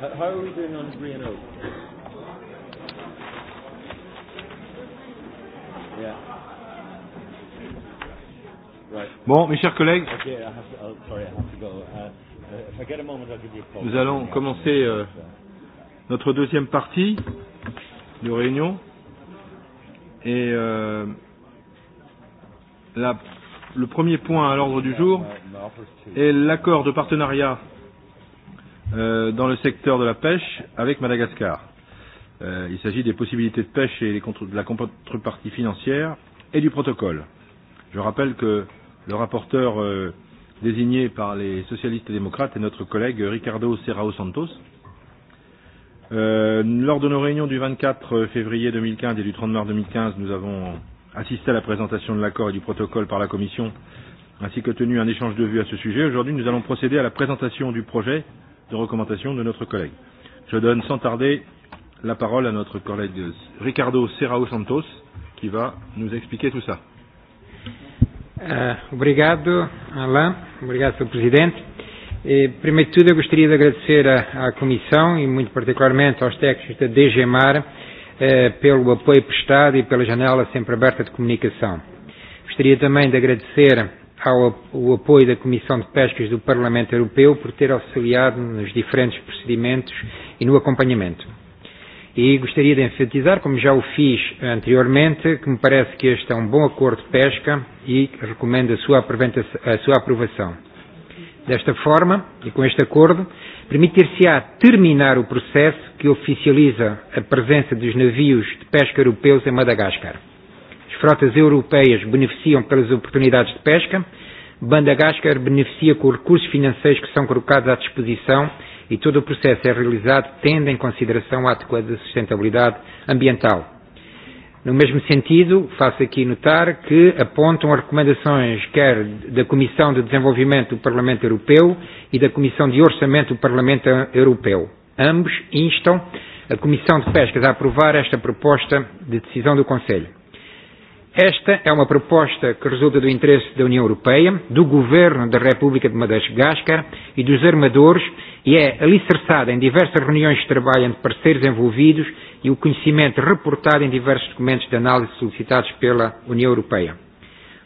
How are we doing on Briano? Yeah. Right. Bon, mes chers collègues, oh, uh, uh, nous allons commencer euh, notre deuxième partie de réunion. Et euh, la, le premier point à l'ordre du jour est l'accord de partenariat Euh, dans le secteur de la pêche avec Madagascar. Euh, il s'agit des possibilités de pêche et les contre, de la contrepartie financière et du protocole. Je rappelle que le rapporteur euh, désigné par les socialistes et démocrates est notre collègue Ricardo Serrao Santos. Euh, lors de nos réunions du 24 février 2015 et du 30 mars 2015, nous avons assisté à la présentation de l'accord et du protocole par la Commission, ainsi que tenu un échange de vues à ce sujet. Aujourd'hui, nous allons procéder à la présentation du projet de recommandation de notre collègue. Je donne sans tarder la parole à notre collègue Ricardo Serrao Santos qui va nous expliquer tout ça. Uh, obrigado, Alain. Obrigado, Sr. Presidente. Eh, primeiro de tudo, eu gostaria de agradecer à, à Comissão e, muito particularmente, aos técnicos da DGMAR uh, eh, pelo apoio prestado e pela janela sempre aberta de comunicação. Gostaria também de agradecer ao, o apoio da Comissão de Pescas do Parlamento Europeu por ter auxiliado nos diferentes procedimentos e no acompanhamento. E gostaria de enfatizar, como já o fiz anteriormente, que me parece que este é um bom acordo de pesca e recomendo a sua, a sua aprovação. Desta forma, e com este acordo, permitir-se-á terminar o processo que oficializa a presença dos navios de pesca europeus em Madagascar. As frotas europeias beneficiam pelas oportunidades de pesca. Bandagáscar beneficia com os recursos financeiros que são colocados à disposição e todo o processo é realizado tendo em consideração a adequada sustentabilidade ambiental. No mesmo sentido, faço aqui notar que apontam as recomendações quer da Comissão de Desenvolvimento do Parlamento Europeu e da Comissão de Orçamento do Parlamento Europeu. Ambos instam a Comissão de Pescas a aprovar esta proposta de decisão do Conselho. Esta é uma proposta que resulta do interesse da União Europeia, do Governo da República de Madagascar e dos armadores e é alicerçada em diversas reuniões de trabalho entre parceiros envolvidos e o conhecimento reportado em diversos documentos de análise solicitados pela União Europeia.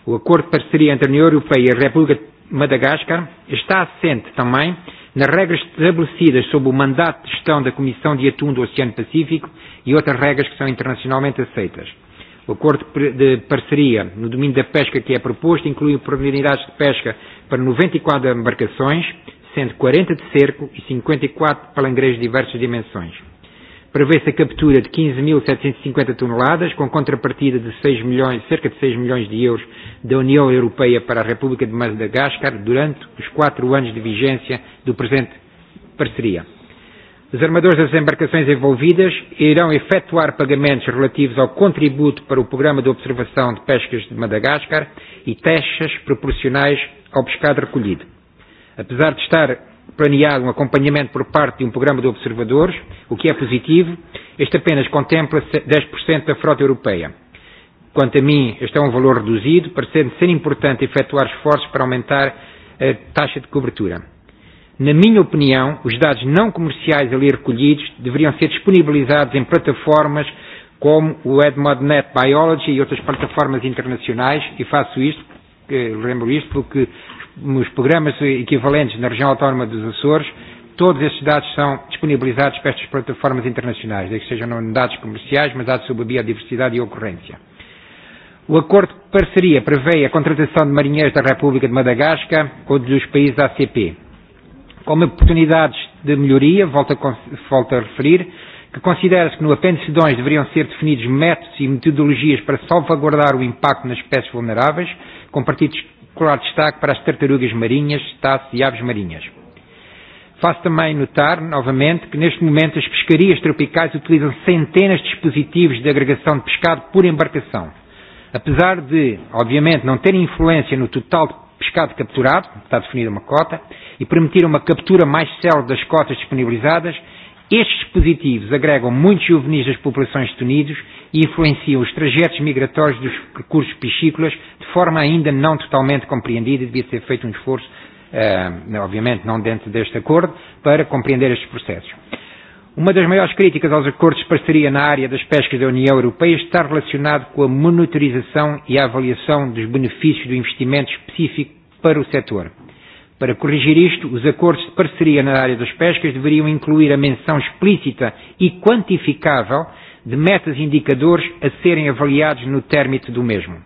O acordo de parceria entre a União Europeia e a República de Madagascar está assente também nas regras estabelecidas sob o mandato de gestão da Comissão de Atum do Oceano Pacífico e outras regras que são internacionalmente aceitas. O acordo de parceria no domínio da pesca que é proposto inclui oportunidades de pesca para 94 embarcações, sendo 40 de cerco e 54 palangreiros de diversas dimensões. Prevê-se a captura de 15.750 toneladas, com contrapartida de 6 milhões, cerca de 6 milhões de euros da União Europeia para a República de Madagascar durante os quatro anos de vigência do presente parceria. Os armadores das embarcações envolvidas irão efetuar pagamentos relativos ao contributo para o Programa de Observação de Pescas de Madagascar e taxas proporcionais ao pescado recolhido. Apesar de estar planeado um acompanhamento por parte de um programa de observadores, o que é positivo, este apenas contempla 10% da frota europeia. Quanto a mim, este é um valor reduzido, parecendo ser importante efetuar esforços para aumentar a taxa de cobertura. Na minha opinião, os dados não comerciais ali recolhidos deveriam ser disponibilizados em plataformas como o EdmodNet Biology e outras plataformas internacionais, e faço isto, lembro isto, porque nos programas equivalentes na região autónoma dos Açores, todos estes dados são disponibilizados para estas plataformas internacionais, desde que sejam não dados comerciais, mas dados sobre a biodiversidade e a ocorrência. O acordo de parceria prevê a contratação de marinheiros da República de Madagascar ou dos países ACP. Da como oportunidades de melhoria, volto a, volto a referir, que considera-se que no apêndice 2 deveriam ser definidos métodos e metodologias para salvaguardar o impacto nas espécies vulneráveis, com particular destaque para as tartarugas marinhas, taças e aves marinhas. Faço também notar, novamente, que neste momento as pescarias tropicais utilizam centenas de dispositivos de agregação de pescado por embarcação. Apesar de, obviamente, não terem influência no total de pescado capturado, está definida uma cota, e permitir uma captura mais célere das cotas disponibilizadas, estes dispositivos agregam muitos juvenis das populações de tunidos e influenciam os trajetos migratórios dos recursos piscícolas de forma ainda não totalmente compreendida e devia ser feito um esforço, uh, obviamente não dentro deste acordo, para compreender estes processos. Uma das maiores críticas aos acordos de parceria na área das pescas da União Europeia está relacionado com a monitorização e a avaliação dos benefícios do investimento específico para o setor. Para corrigir isto, os acordos de parceria na área das pescas deveriam incluir a menção explícita e quantificável de metas e indicadores a serem avaliados no término do mesmo.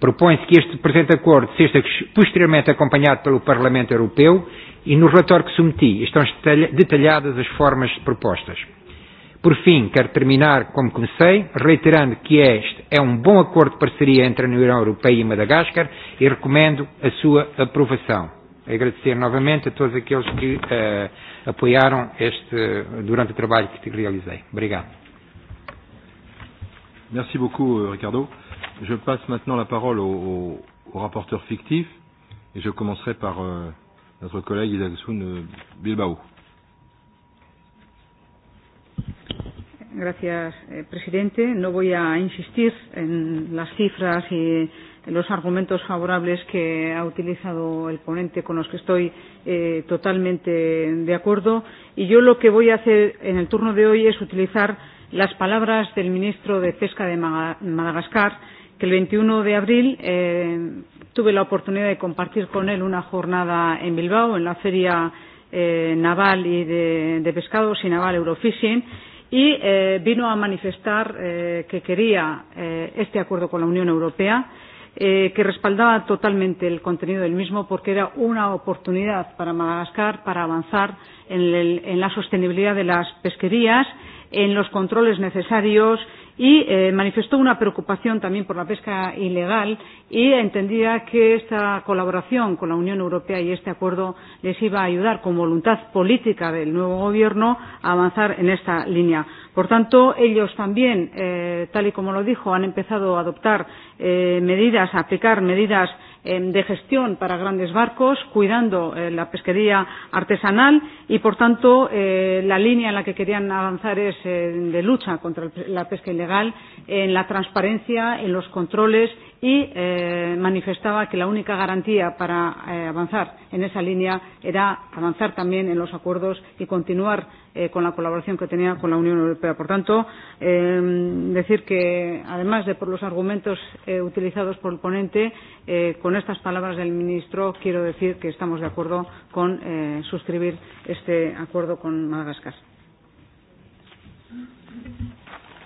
Propõe-se que este presente acordo seja posteriormente acompanhado pelo Parlamento Europeu e no relatório que submeti estão detalhadas as formas propostas. Por fim, quero terminar como comecei, reiterando que este é um bom acordo de parceria entre a União Europeia e Madagascar e recomendo a sua aprovação. Agradecer novamente a todos aqueles que uh, apoiaram este, durante o trabalho que realizei. Obrigado. Merci beaucoup, Ricardo. Je passe maintenant la parole au, au, au rapporteur fictif et je commencerai par euh, notre collègue Isaac Soun euh, Bilbao. Gracias, eh, presidente. No voy a insistir en las cifras y en los argumentos favorables que ha utilizado el ponente con los que estoy eh, totalmente de acuerdo. Y yo lo que voy a hacer en el turno de hoy es utilizar las palabras del ministro de Pesca de Madagascar, que el 21 de abril eh, tuve la oportunidad de compartir con él una jornada en Bilbao, en la feria eh, naval y de, de pescados y naval Eurofishing, y eh, vino a manifestar eh, que quería eh, este acuerdo con la Unión Europea, eh, que respaldaba totalmente el contenido del mismo porque era una oportunidad para Madagascar para avanzar en, el, en la sostenibilidad de las pesquerías en los controles necesarios y eh, manifestó una preocupación también por la pesca ilegal y entendía que esta colaboración con la Unión Europea y este acuerdo les iba a ayudar con voluntad política del nuevo gobierno a avanzar en esta línea. Por tanto, ellos también, eh, tal y como lo dijo, han empezado a adoptar eh, medidas, a aplicar medidas de gestión para grandes barcos, cuidando eh, la pesquería artesanal y, por tanto, eh, la línea en la que querían avanzar es eh, de lucha contra la pesca ilegal, en la transparencia, en los controles y eh, manifestaba que la única garantía para eh, avanzar en esa línea era avanzar también en los acuerdos y continuar eh, con la colaboración que tenía con la Unión Europea. Por tanto, eh, decir que, además de por los argumentos eh, utilizados por el ponente, eh, con estas palabras del ministro quiero decir que estamos de acuerdo con eh, suscribir este acuerdo con Madagascar.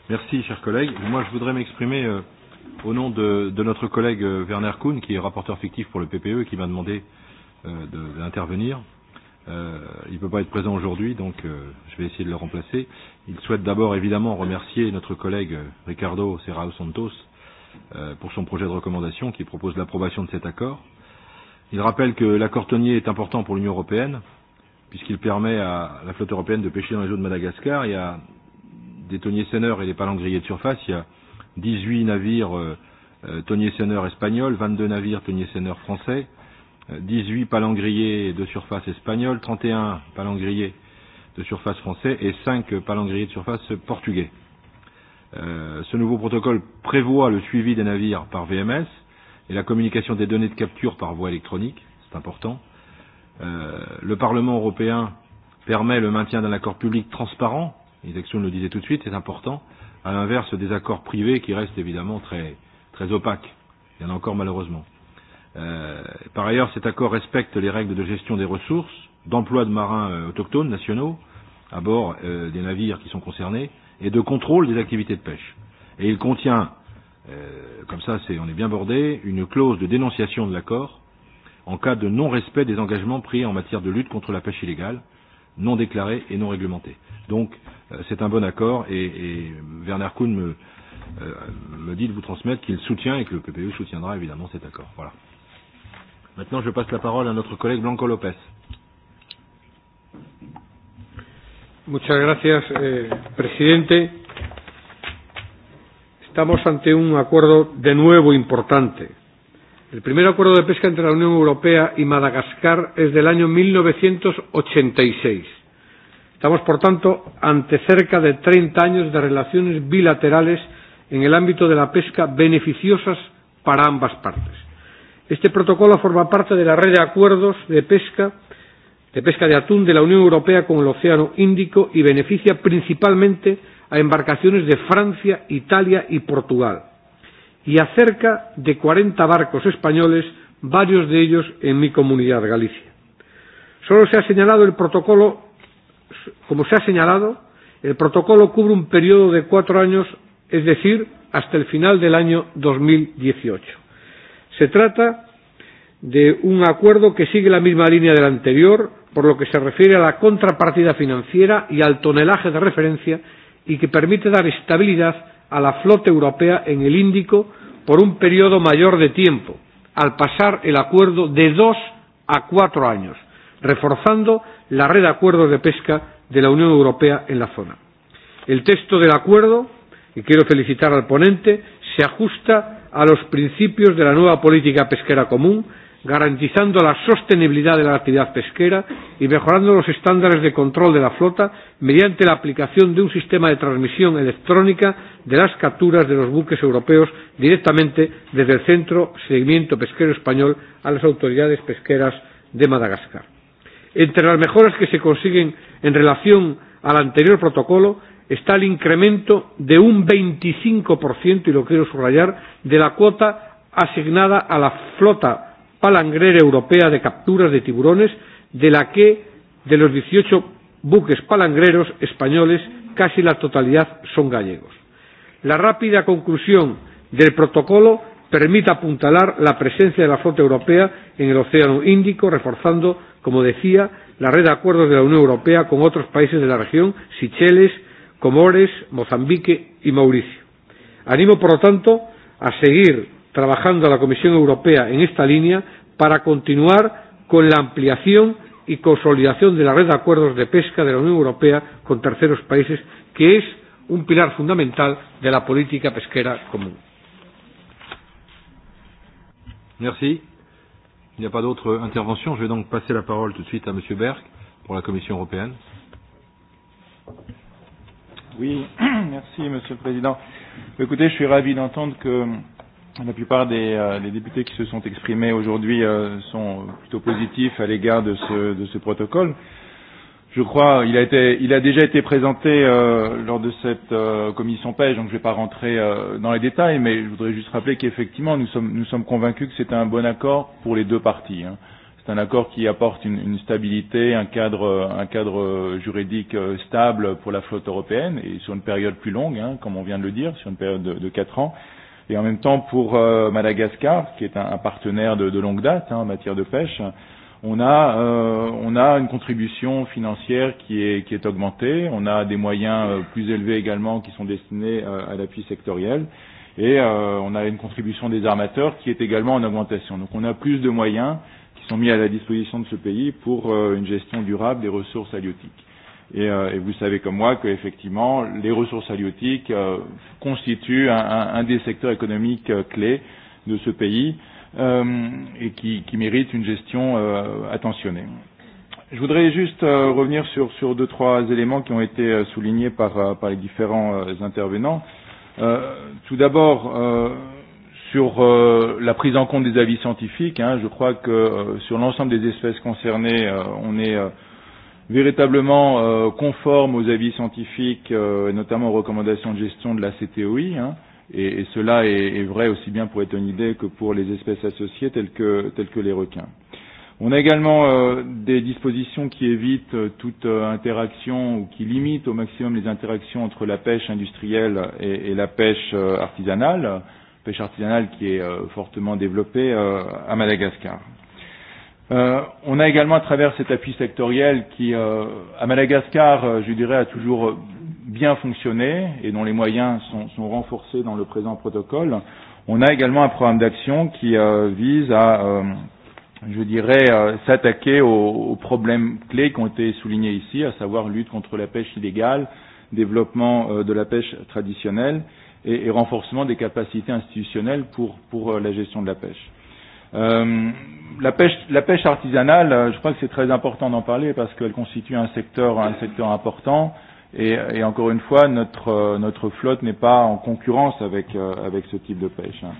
Merci, chers collègues. Moi, je voudrais m'exprimer euh, au nom de, de notre collègue euh, Werner Kuhn, qui est rapporteur fictif pour le PPE, qui m'a demandé euh, d'intervenir. De, euh, il ne peut pas être présent aujourd'hui, donc euh, je vais essayer de le remplacer. Il souhaite d'abord évidemment remercier notre collègue euh, Ricardo Serrao Santos euh, pour son projet de recommandation qui propose l'approbation de cet accord. Il rappelle que l'accord tonnier est important pour l'Union européenne, puisqu'il permet à la flotte européenne de pêcher dans les eaux de Madagascar. Il y a des tonniers seineurs et des palangriers de surface. Il y a 18 navires euh, euh tonniers-senneurs espagnols, 22 navires tonniers-senneurs français, 18 euh, palangriers de surface espagnols, 31 palangriers de surface français et 5 palangriers de surface portugais. Euh, ce nouveau protocole prévoit le suivi des navires par VMS et la communication des données de capture par voie électronique, c'est important. Euh, le Parlement européen permet le maintien d'un accord public transparent, Isaacson le disait tout de suite, c'est important, euh, à l'inverse des accords privés qui restent évidemment très, très opaques. Il y en a encore malheureusement. Euh, par ailleurs, cet accord respecte les règles de gestion des ressources, d'emploi de marins euh, autochtones nationaux à bord euh, des navires qui sont concernés et de contrôle des activités de pêche. Et il contient, euh, comme ça est, on est bien bordé, une clause de dénonciation de l'accord en cas de non-respect des engagements pris en matière de lutte contre la pêche illégale, non déclarée et non réglementée. Donc, Euh, c'est un bon accord et, et Werner Kuhn me, euh, me dit de vous transmettre qu'il soutient et que le PPE soutiendra évidemment cet accord. Voilà. Maintenant, je passe la parole à notre collègue Blanco Lopez. Muchas gracias, eh, presidente. Estamos ante un acuerdo de nuevo importante. El primer acuerdo de pesca entre la Unión Europea y Madagascar es del año 1986 Estamos, por tanto, ante cerca de 30 años de relaciones bilaterales en el ámbito de la pesca beneficiosas para ambas partes. Este protocolo forma parte de la red de acuerdos de pesca de pesca de atún de la Unión Europea con el Océano Índico y beneficia principalmente a embarcaciones de Francia, Italia y Portugal y a cerca de 40 barcos españoles, varios de ellos en mi comunidad, Galicia. Solo se ha señalado el protocolo como se ha señalado, el protocolo cubre un periodo de cuatro años, es decir, hasta el final del año 2018. Se trata de un acuerdo que sigue la misma línea del anterior, por lo que se refiere a la contrapartida financiera y al tonelaje de referencia, y que permite dar estabilidad a la flota europea en el Índico por un periodo mayor de tiempo, al pasar el acuerdo de dos a cuatro años, reforzando la red de acuerdos de pesca de la Unión Europea en la zona. El texto del acuerdo, y quiero felicitar al ponente, se ajusta a los principios de la nueva política pesquera común, garantizando la sostenibilidad de la actividad pesquera y mejorando los estándares de control de la flota mediante la aplicación de un sistema de transmisión electrónica de las capturas de los buques europeos directamente desde el Centro Seguimiento Pesquero Español a las autoridades pesqueras de Madagascar. Entre las mejoras que se consiguen en relación al anterior protocolo está el incremento de un 25%, y lo quiero subrayar, de la cuota asignada a la flota palangrera europea de capturas de tiburones, de la que de los 18 buques palangreros españoles casi la totalidad son gallegos. La rápida conclusión del protocolo permite apuntalar la presencia de la flota europea en el Océano Índico, reforzando como decía, la red de acuerdos de la Unión Europea con otros países de la región, Seychelles, Comores, Mozambique y Mauricio. Animo, por lo tanto, a seguir trabajando a la Comisión Europea en esta línea para continuar con la ampliación y consolidación de la red de acuerdos de pesca de la Unión Europea con terceros países, que es un pilar fundamental de la política pesquera común. Merci. Il n'y a pas d'autres interventions. Je vais donc passer la parole tout de suite à Monsieur Berck pour la Commission européenne. Oui, merci Monsieur le Président. Écoutez, je suis ravi d'entendre que la plupart des euh, les députés qui se sont exprimés aujourd'hui euh, sont plutôt positifs à l'égard de ce, de ce protocole. Euh, je crois, il a, été, il a déjà été présenté euh, lors de cette euh, commission pêche, donc je ne vais pas rentrer euh, dans les détails, mais je voudrais juste rappeler qu'effectivement, nous sommes, nous sommes convaincus que c'est un bon accord pour les deux parties. Hein. C'est un accord qui apporte une, une stabilité, un cadre, un cadre juridique euh, stable pour la flotte européenne et sur une période plus longue, hein, comme on vient de le dire, sur une période de, quatre ans. Et en même temps pour euh, Madagascar, qui est un, un partenaire de, de longue date hein, en matière de pêche, euh, on a, euh, on a une contribution financière qui est, qui est augmentée, on a des moyens euh, plus élevés également qui sont destinés euh, à l'appui sectoriel, et euh, on a une contribution des armateurs qui est également en augmentation. Donc on a plus de moyens qui sont mis à la disposition de ce pays pour euh, une gestion durable des ressources halieutiques. Et, euh, et vous savez comme moi qu'effectivement, les ressources halieutiques euh, constituent un, un, un des secteurs économiques euh, clés de ce pays. Euh, euh, et qui, qui méritent une gestion euh, attentionnée. Je voudrais juste euh, revenir sur, sur deux, trois éléments qui ont été euh, soulignés par, euh, par les différents euh, intervenants. Euh, tout d'abord, euh, sur euh, la prise en compte des avis scientifiques, hein, je crois que euh, sur l'ensemble des espèces concernées, euh, on est euh, véritablement euh, conforme aux avis scientifiques, euh, et notamment aux recommandations de gestion de la CTOI. Hein. Euh, Et, et cela est, est vrai aussi bien pour Etonidé que pour les espèces associées telles que, telles que les requins. On a également euh, des dispositions qui évitent euh, toute euh, interaction ou qui limitent au maximum les interactions entre la pêche industrielle et, et la pêche euh, artisanale, pêche artisanale qui est euh, fortement développée euh, à Madagascar. Euh, on a également à travers cet appui sectoriel qui, euh, à Madagascar, euh, je dirais, a toujours bien fonctionné et dont les moyens sont, sont renforcés dans le présent protocole. On a également un programme d'action qui euh, vise à, euh, je dirais, euh, s'attaquer aux, aux problèmes clés qui ont été soulignés ici, à savoir lutte contre la pêche illégale, développement euh, de la pêche traditionnelle et, et renforcement des capacités institutionnelles pour, pour euh, la gestion de la pêche. Euh, la pêche, la pêche artisanale, euh, je crois que c'est très important d'en parler parce qu'elle constitue un secteur, un secteur important. Euh, Et, et encore une fois, notre, notre flotte n'est pas en concurrence avec, euh, avec ce type de pêche. Hein.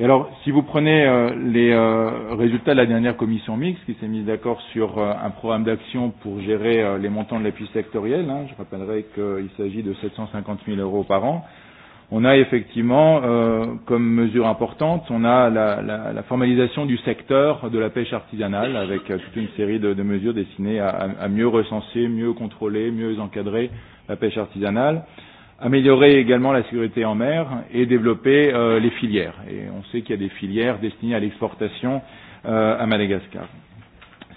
Et alors, si vous prenez euh, les euh, résultats de la dernière commission mixte qui s'est mise d'accord sur euh, un programme d'action pour gérer euh, les montants de l'appui sectoriel, hein, je rappellerai qu'il s'agit de 750 000 euros par an, euh, on a effectivement euh, comme mesure importante, on a la, la, la formalisation du secteur de la pêche artisanale avec euh, toute une série de, de mesures destinées à, à mieux recenser, mieux contrôler, mieux encadrer la pêche artisanale, améliorer également la sécurité en mer et développer euh, les filières. Et on sait qu'il y a des filières destinées à l'exportation euh, à Madagascar.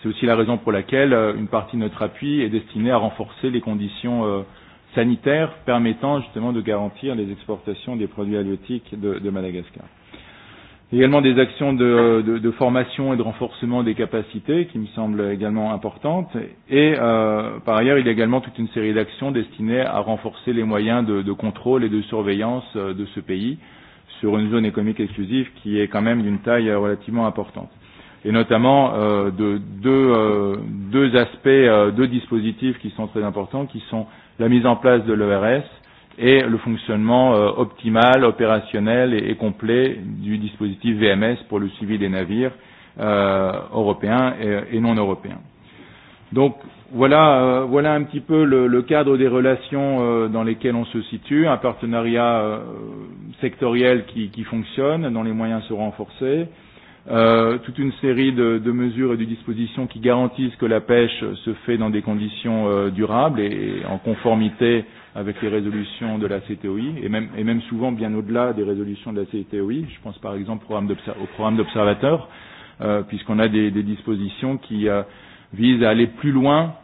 C'est aussi la raison pour laquelle euh, une partie de notre appui est destinée à renforcer les conditions euh, sanitaire permettant justement de garantir les exportations des produits halieutiques de, de Madagascar. Également des actions de, de, de formation et de renforcement des capacités qui me semblent également importantes. Et euh, par ailleurs, il y a également toute une série d'actions destinées à renforcer les moyens de, de contrôle et de surveillance euh, de ce pays sur une zone économique exclusive qui est quand même d'une taille euh, relativement importante. Et notamment euh, de de, euh, deux aspects, euh, deux dispositifs qui sont très importants, qui sont euh, la mise en place de l'ERS et le fonctionnement euh, optimal, opérationnel et, et complet du dispositif VMS pour le suivi des navires euh, européens et, et non européens. Donc voilà, euh, voilà un petit peu le, le cadre des relations euh, dans lesquelles on se situe, un partenariat euh, sectoriel qui, qui fonctionne, dont les moyens sont renforcés, euh, euh, toute une série de, de mesures et de dispositions qui garantissent que la pêche se fait dans des conditions euh, durables et, et en conformité avec les résolutions de la CTOI et même, et même souvent bien au-delà des résolutions de la CTOI. Je pense par exemple programme au programme d'observateurs, euh, puisqu'on a des, des dispositions qui euh, visent à aller plus loin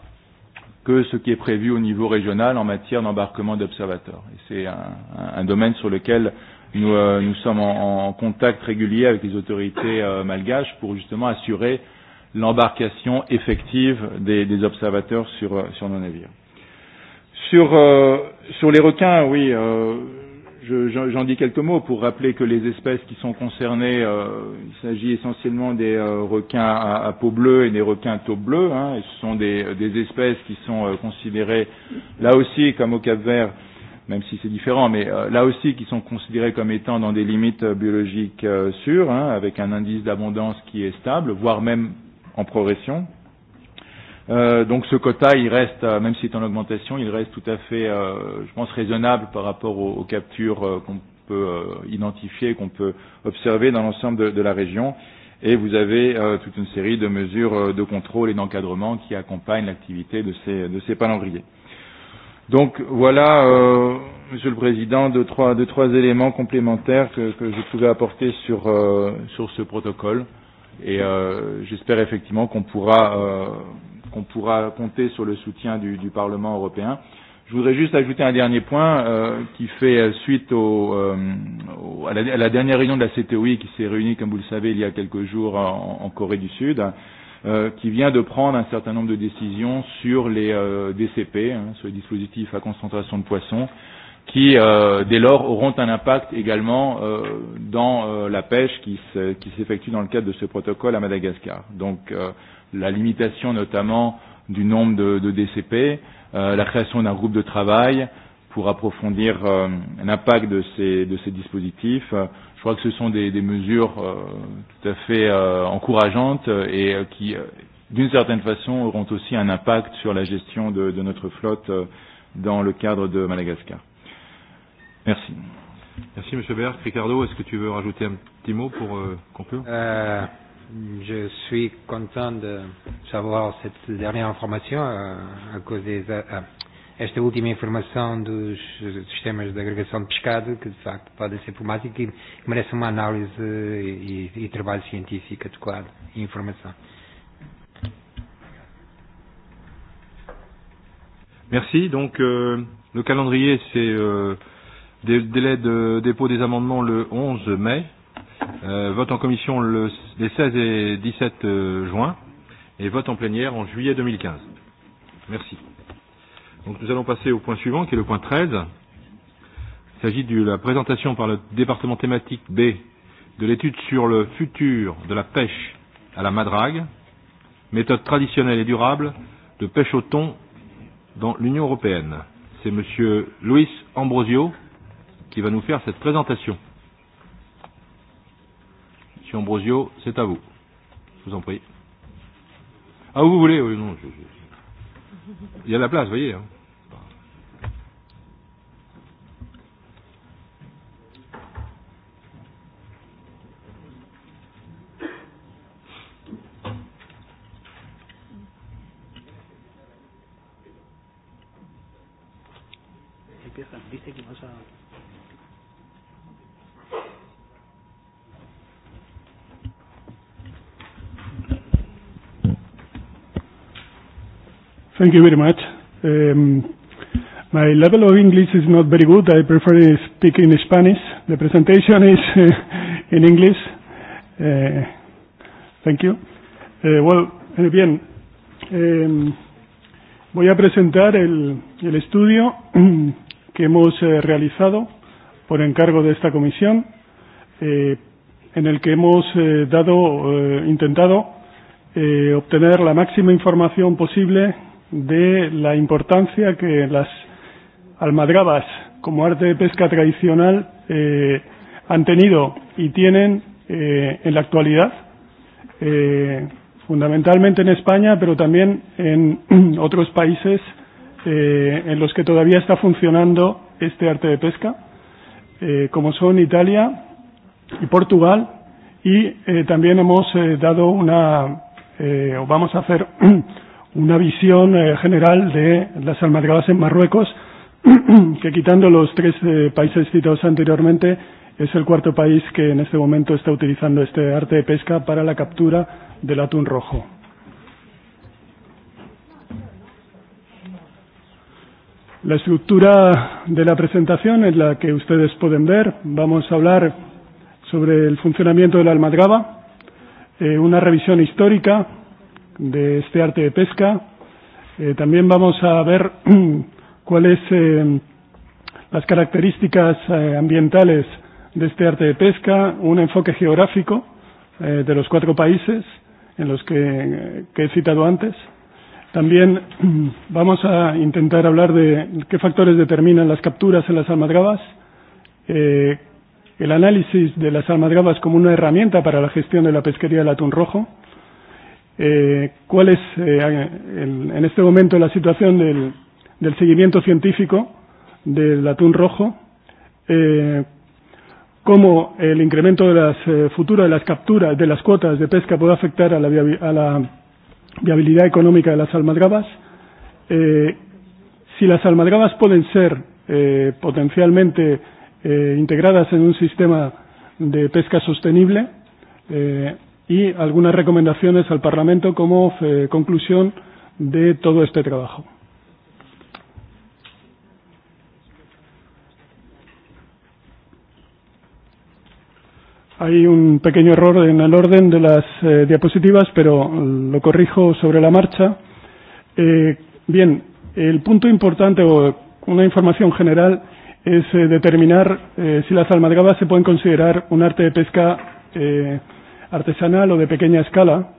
que ce qui est prévu au niveau régional en matière d'embarquement d'observateurs. C'est un, un, un domaine sur lequel euh, Nous, euh, nous sommes en, en contact régulier avec les autorités euh, malgaches pour justement assurer l'embarcation effective des, des observateurs sur, euh, sur nos navires. Sur, euh, sur les requins, oui, euh, j'en je, dis quelques mots pour rappeler que les espèces qui sont concernées, euh, il s'agit essentiellement des euh, requins à, à peau bleue et des requins à taupe bleue. Hein, et ce sont des, des espèces qui sont euh, considérées, là aussi, comme au Cap Vert, euh, même si c'est différent, mais euh, là aussi qui sont considérés comme étant dans des limites euh, biologiques euh, sûres, hein, avec un indice d'abondance qui est stable, voire même en progression. Euh, donc ce quota, il reste, euh, même s'il est en augmentation, il reste tout à fait, euh, je pense, raisonnable par rapport aux, aux captures euh, qu'on peut euh, identifier, qu'on peut observer dans l'ensemble de, de la région. Et vous avez euh, toute une série de mesures euh, de contrôle et d'encadrement qui accompagnent l'activité de ces, de ces palendriers. Donc voilà, euh, Monsieur le Président, deux trois, deux, trois éléments complémentaires que, que je pouvais apporter sur, euh, sur ce protocole. Et euh, j'espère effectivement qu'on pourra, euh, qu pourra compter sur le soutien du, du Parlement européen. Je voudrais juste ajouter un dernier point euh, qui fait suite au, euh, au, à, la, à la dernière réunion de la CTOI qui s'est réunie, comme vous le savez, il y a quelques jours en, en Corée du Sud. Euh, euh, qui vient de prendre un certain nombre de décisions sur les euh, DCP, hein, sur les dispositifs à concentration de poissons, qui euh, dès lors auront un impact également euh, dans euh, la pêche qui s'effectue se, dans le cadre de ce protocole à Madagascar. Donc euh, la limitation notamment du nombre de, de DCP, euh, la création d'un groupe de travail pour approfondir euh, l'impact de ces, de ces dispositifs, euh, Je crois que ce sont des, des mesures euh, tout à fait euh, encourageantes euh, et euh, qui, euh, d'une certaine façon, auront aussi un impact sur la gestion de, de notre flotte euh, dans le cadre de Madagascar. Merci. Merci M. Berg. Ricardo, est-ce que tu veux rajouter un petit mot pour euh, conclure euh, Je suis content de savoir cette dernière information euh, à cause des, euh, esta última informação dos sistemas de agregação de pescado, que de facto podem ser problemáticos e que merecem uma análise e, e trabalho científico adequado e informação. Merci. Donc, euh, le calendrier, c'est euh, délai de dépôt des amendements le 11 mai, euh, vote en commission le, les 16 et 17 euh, juin, et vote en plénière en juillet 2015. Merci. Donc nous allons passer au point suivant, qui est le point 13. Il s'agit de la présentation par le département thématique B de l'étude sur le futur de la pêche à la madrague, méthode traditionnelle et durable de pêche au thon dans l'Union européenne. C'est M. Luis Ambrosio qui va nous faire cette présentation. Monsieur Ambrosio, c'est à vous. Je vous en prie. Ah, vous voulez Oui, non. Je, je... Il y a de la place, vous voyez. Hein. Thank you very much. Um, my level of English is not very good. I prefer to speak in Spanish. The presentation is uh, in English. Uh, thank you. Uh, well, eh, bien, Um, voy a presentar el, el estudio que hemos eh, realizado por encargo de esta comisión, eh, en el que hemos eh, dado, eh, intentado eh, obtener la máxima información posible de la importancia que las almadrabas como arte de pesca tradicional eh, han tenido y tienen eh, en la actualidad, eh, fundamentalmente en España, pero también en otros países eh, en los que todavía está funcionando este arte de pesca, eh, como son Italia y Portugal, y eh, también hemos eh, dado una, eh, o vamos a hacer una visión eh, general de las almadrabas en Marruecos, que quitando los tres eh, países citados anteriormente, es el cuarto país que en este momento está utilizando este arte de pesca para la captura del atún rojo. La estructura de la presentación es la que ustedes pueden ver. Vamos a hablar sobre el funcionamiento de la almadraba, eh, una revisión histórica de este arte de pesca. Eh, también vamos a ver cuáles eh, las características eh, ambientales de este arte de pesca, un enfoque geográfico eh, de los cuatro países en los que, eh, que he citado antes. También vamos a intentar hablar de qué factores determinan las capturas en las almadrabas, eh, el análisis de las almadrabas como una herramienta para la gestión de la pesquería del atún rojo, eh, cuál es eh, el, en este momento la situación del, del seguimiento científico del atún rojo, eh, cómo el incremento de las eh, futuras de las capturas de las cuotas de pesca puede afectar a la, viabi a la viabilidad económica de las almadrabas, eh, si las almadrabas pueden ser eh, potencialmente eh, integradas en un sistema de pesca sostenible, eh, y algunas recomendaciones al Parlamento como eh, conclusión de todo este trabajo. Hay un pequeño error en el orden de las eh, diapositivas, pero lo corrijo sobre la marcha. Eh, bien, el punto importante o una información general es eh, determinar eh, si las almadrabas se pueden considerar un arte de pesca eh, artesanal o de pequeña escala.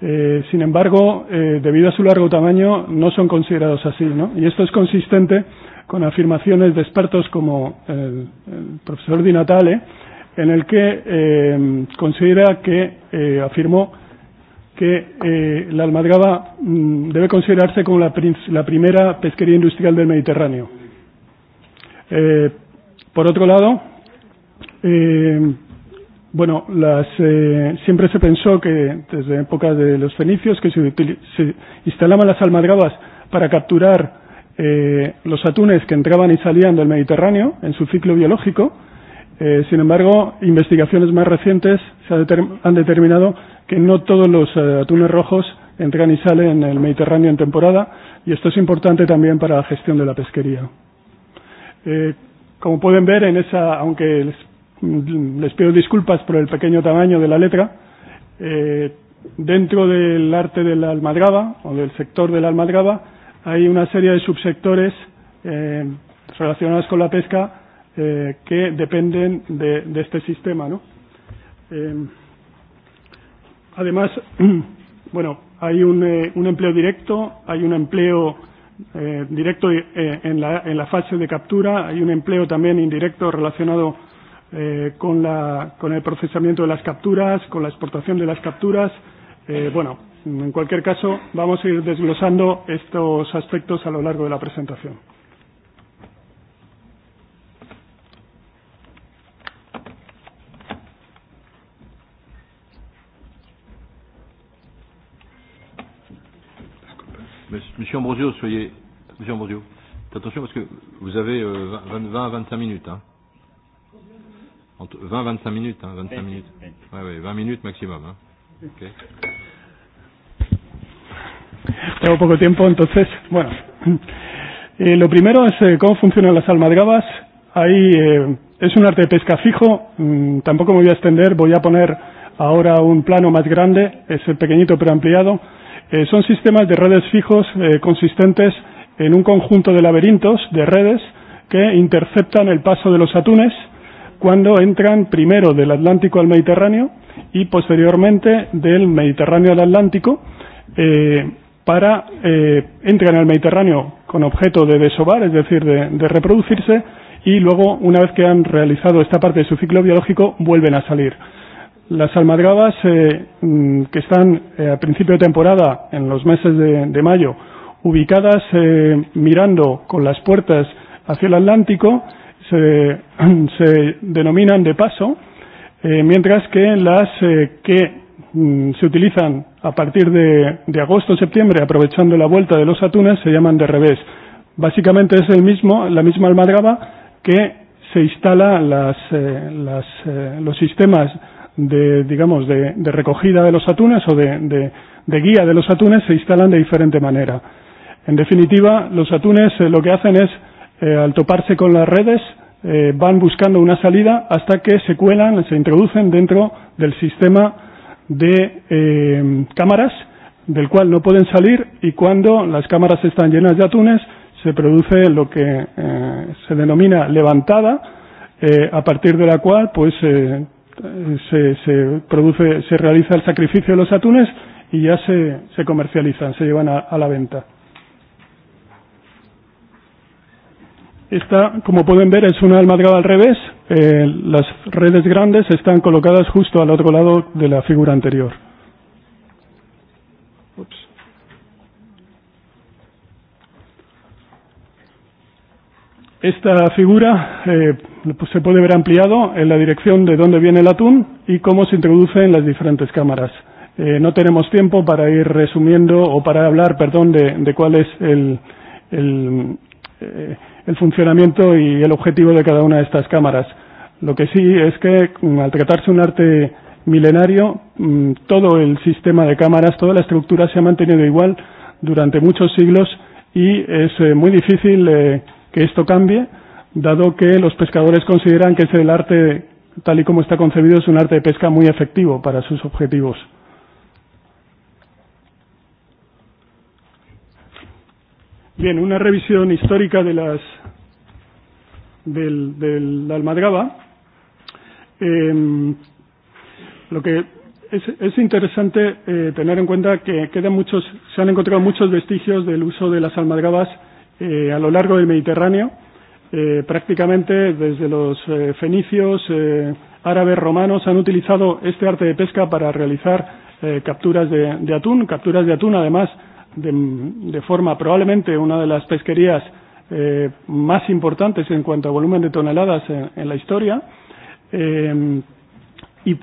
Eh, sin embargo, eh, debido a su largo tamaño, no son considerados así. ¿no? Y esto es consistente con afirmaciones de expertos como el, el profesor Di Natale, en el que eh, considera que eh, afirmó que eh, la almadraba mm, debe considerarse como la, la primera pesquería industrial del Mediterráneo. Eh, por otro lado, eh, Bueno, las, eh, siempre se pensó que desde la época de los fenicios que se, se instalaban las almadrabas para capturar eh, los atunes que entraban y salían del Mediterráneo en su ciclo biológico. Eh, sin embargo, investigaciones más recientes se ha determ han determinado que no todos los eh, atunes rojos entran y salen en el Mediterráneo en temporada y esto es importante también para la gestión de la pesquería. Eh, como pueden ver, en esa, aunque les les pido disculpas por el pequeño tamaño de la letra. Eh, dentro del arte de la almadraba o del sector de la almadraba hay una serie de subsectores eh, relacionados con la pesca eh, que dependen de, de este sistema. ¿no? Eh, además, bueno, hay un, eh, un empleo directo, hay un empleo eh, directo eh, en, la, en la fase de captura, hay un empleo también indirecto relacionado eh, con, la, con el procesamiento de las capturas, con la exportación de las capturas. Eh, bueno, en cualquier caso, vamos a ir desglosando estos aspectos a lo largo de la presentación. Monsieur Ambrosio, soyez. Monsieur Ambrosio, attention parce que vous avez 20-25 euh, à minutes. Hein. 20-25 minutes, hein, 25 minutes. Ouais, ouais, 20 minutes maximum. Hein. Okay. Tengo poco tiempo, entonces, bueno. Eh, lo primero es eh, cómo funcionan las almadrabas. Ahí eh, es un arte de pesca fijo. Mm, tampoco me voy a extender. Voy a poner ahora un plano más grande. Es el pequeñito pero ampliado. Eh, son sistemas de redes fijos eh, consistentes en un conjunto de laberintos de redes que interceptan el paso de los atunes cuando entran primero del Atlántico al Mediterráneo y posteriormente del Mediterráneo al Atlántico eh, para eh, entran al Mediterráneo con objeto de desovar, es decir, de, de reproducirse y luego, una vez que han realizado esta parte de su ciclo biológico, vuelven a salir. Las almadrabas eh, mm, que están eh, a principio de temporada, en los meses de, de mayo, ubicadas eh, mirando con las puertas hacia el Atlántico, se, se denominan de paso, eh, mientras que las eh, que mm, se utilizan a partir de, de agosto-septiembre, aprovechando la vuelta de los atunes, se llaman de revés. Básicamente es el mismo, la misma almadraba que se instala las, eh, las, eh, los sistemas de, digamos, de, de recogida de los atunes o de, de, de guía de los atunes se instalan de diferente manera. En definitiva, los atunes eh, lo que hacen es eh, al toparse con las redes, eh, van buscando una salida hasta que se cuelan, se introducen dentro del sistema de eh, cámaras del cual no pueden salir y cuando las cámaras están llenas de atunes se produce lo que eh, se denomina levantada eh, a partir de la cual pues eh, se, se produce se realiza el sacrificio de los atunes y ya se, se comercializan, se llevan a, a la venta. Esta, como pueden ver, es una almadraba al revés. Eh, las redes grandes están colocadas justo al otro lado de la figura anterior. Ups. Esta figura eh, se puede ver ampliado en la dirección de dónde viene el atún y cómo se introduce en las diferentes cámaras. Eh, no tenemos tiempo para ir resumiendo o para hablar, perdón, de, de cuál es el, el, eh, el funcionamiento y el objetivo de cada una de estas cámaras. Lo que sí es que, mm, al tratarse un arte milenario, mm, todo el sistema de cámaras, toda la estructura se ha mantenido igual durante muchos siglos y es eh, muy difícil eh, que esto cambie, dado que los pescadores consideran que es el arte, tal y como está concebido, es un arte de pesca muy efectivo para sus objetivos. Bien, una revisión histórica de las del, del Almadraba. Eh, lo que es, es interesante eh, tener en cuenta que quedan muchos, se han encontrado muchos vestigios del uso de las almadrabas eh, a lo largo del Mediterráneo, eh, prácticamente desde los eh, fenicios, eh, árabes, romanos, han utilizado este arte de pesca para realizar eh, capturas de, de atún, capturas de atún además de, de forma probablemente una de las pesquerías eh, más importantes en cuanto a volumen de toneladas en, en la historia. Eh, y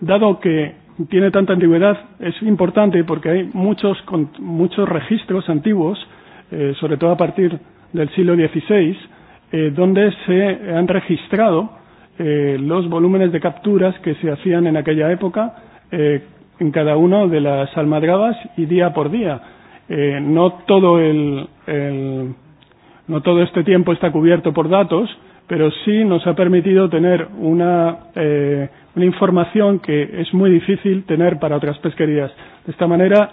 dado que tiene tanta antigüedad, es importante porque hay muchos, con, muchos registros antiguos, eh, sobre todo a partir del siglo XVI, eh, donde se han registrado eh, los volúmenes de capturas que se hacían en aquella época eh, en cada una de las almadrabas y día por día eh, no todo el, el no todo este tiempo está cubierto por datos, pero sí nos ha permitido tener una, eh, una información que es muy difícil tener para otras pesquerías. De esta manera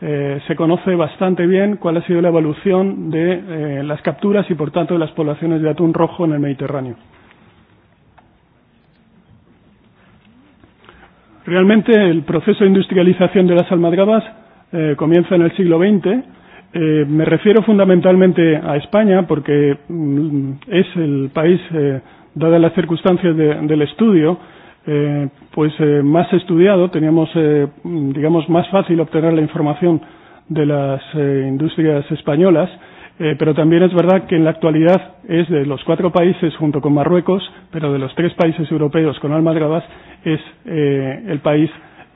eh, se conoce bastante bien cuál ha sido la evolución de eh, las capturas y, por tanto, de las poblaciones de atún rojo en el Mediterráneo. Realmente el proceso de industrialización de las almadrabas eh, comienza en el siglo XX. Eh, me refiero fundamentalmente a España porque mm, es el país, eh, dadas las circunstancias de, del estudio, eh, pues eh, más estudiado, teníamos, eh, mm, digamos, más fácil obtener la información de las eh, industrias españolas, eh, pero también es verdad que en la actualidad es de los cuatro países junto con Marruecos, pero de los tres países europeos con Almas Gabas es eh, el país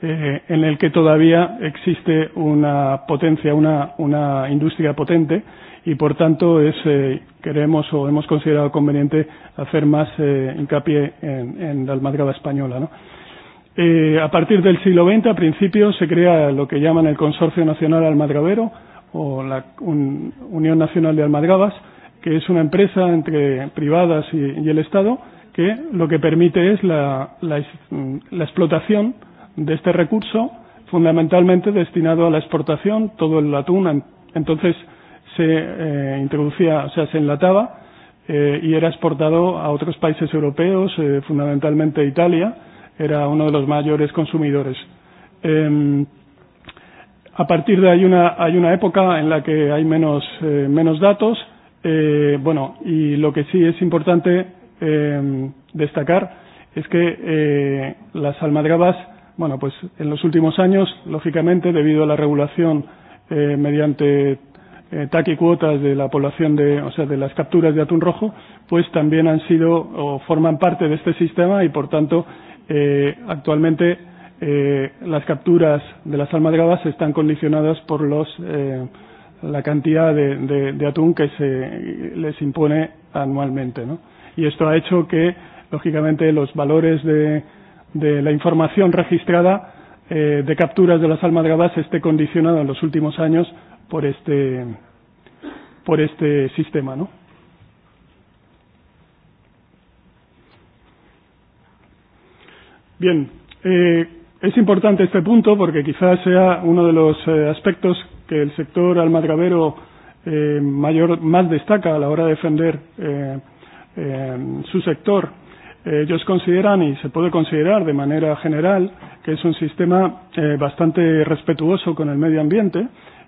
eh, en el que todavía existe una potencia, una, una industria potente y por tanto es, eh, queremos o hemos considerado conveniente hacer más eh, hincapié en, en la almadraba española. ¿no? Eh, a partir del siglo XX, a principios, se crea lo que llaman el Consorcio Nacional Almadrabero o la un, Unión Nacional de Almadrabas, que es una empresa entre privadas y, y el Estado que lo que permite es la, la, la explotación de este recurso fundamentalmente destinado a la exportación, todo el atún. Entonces se eh, introducía, o sea, se enlataba eh, y era exportado a otros países europeos, eh, fundamentalmente Italia, era uno de los mayores consumidores. Eh, a partir de ahí una, hay una época en la que hay menos, eh, menos datos, eh, bueno, y lo que sí es importante eh, destacar es que eh, las almadrabas Bueno, pues en los últimos años, lógicamente, debido a la regulación eh, mediante eh, TAC y cuotas de la población de, o sea, de las capturas de atún rojo, pues también han sido o forman parte de este sistema y, por tanto, eh, actualmente eh, las capturas de las almadrabas están condicionadas por los eh, la cantidad de, de, de atún que se les impone anualmente, ¿no? Y esto ha hecho que, lógicamente, los valores de de la información registrada eh, de capturas de las almadrabas esté condicionada en los últimos años por este, por este sistema, ¿no? Bien, eh, es importante este punto porque quizás sea uno de los eh, aspectos que el sector almadrabero eh, mayor, más destaca a la hora de defender eh, eh, su sector Eh, ellos consideran y se puede considerar de manera general que es un sistema eh, bastante respetuoso con el medio ambiente,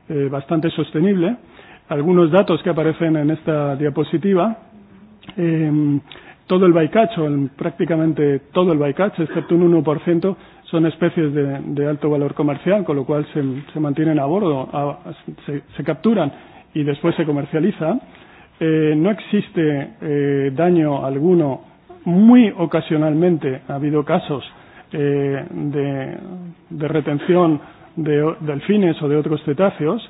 eh, bastante sostenible. Algunos datos que aparecen en esta diapositiva. Eh, todo el baicacho, el, prácticamente todo el baicacho, excepto un 1%, son especies de, de alto valor comercial, con lo cual se, se mantienen a bordo, a, se, se capturan y después se comercializan. Eh, no existe eh, daño alguno muy ocasionalmente ha habido casos eh, de, de retención de delfines o de otros cetáceos.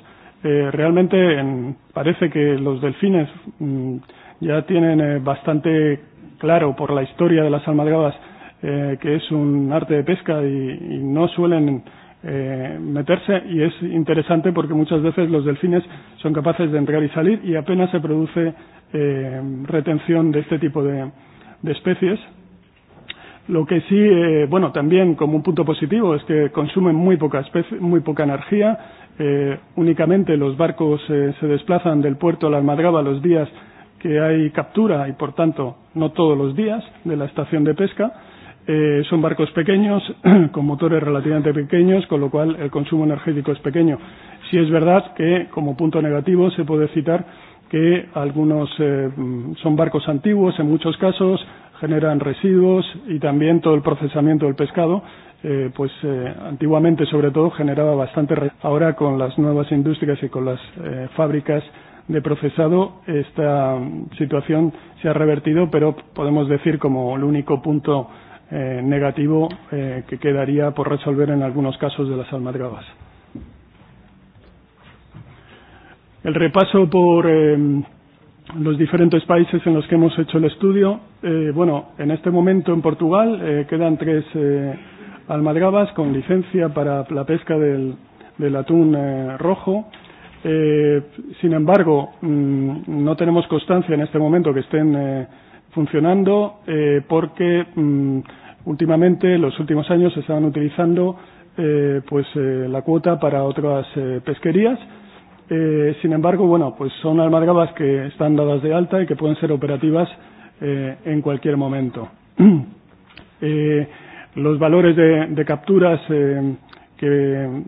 Eh, realmente en, parece que los delfines mmm, ya tienen eh, bastante claro por la historia de las almadrabas eh, que es un arte de pesca y, y no suelen eh, meterse y es interesante porque muchas veces los delfines son capaces de entrar y salir y apenas se produce eh, retención de este tipo de, de especies. Lo que sí, eh, bueno, también como un punto positivo es que consumen muy poca, especie, muy poca energía. Eh, únicamente los barcos eh, se desplazan del puerto a la almadraba los días que hay captura y, por tanto, no todos los días de la estación de pesca. Eh, son barcos pequeños, con motores relativamente pequeños, con lo cual el consumo energético es pequeño. Si Sí es verdad que, como punto negativo, se puede citar que algunos eh, son barcos antiguos en muchos casos, generan residuos y también todo el procesamiento del pescado, eh, pues eh, antiguamente sobre todo generaba bastante. residuos. Ahora con las nuevas industrias y con las eh, fábricas de procesado esta situación se ha revertido, pero podemos decir como el único punto eh, negativo eh, que quedaría por resolver en algunos casos de las almadrabas. El repaso por eh, los diferentes países en los que hemos hecho el estudio. Eh, bueno, en este momento en Portugal eh, quedan tres eh, almadrabas con licencia para la pesca del, del atún eh, rojo. Eh, sin embargo, mmm, no tenemos constancia en este momento que estén eh, funcionando eh, porque mmm, últimamente, en los últimos años, se estaban utilizando eh, pues eh, la cuota para otras eh, pesquerías Eh, sin embargo, bueno, pues son almargabas que están dadas de alta y que pueden ser operativas eh, en cualquier momento. eh, los valores de, de capturas eh, que,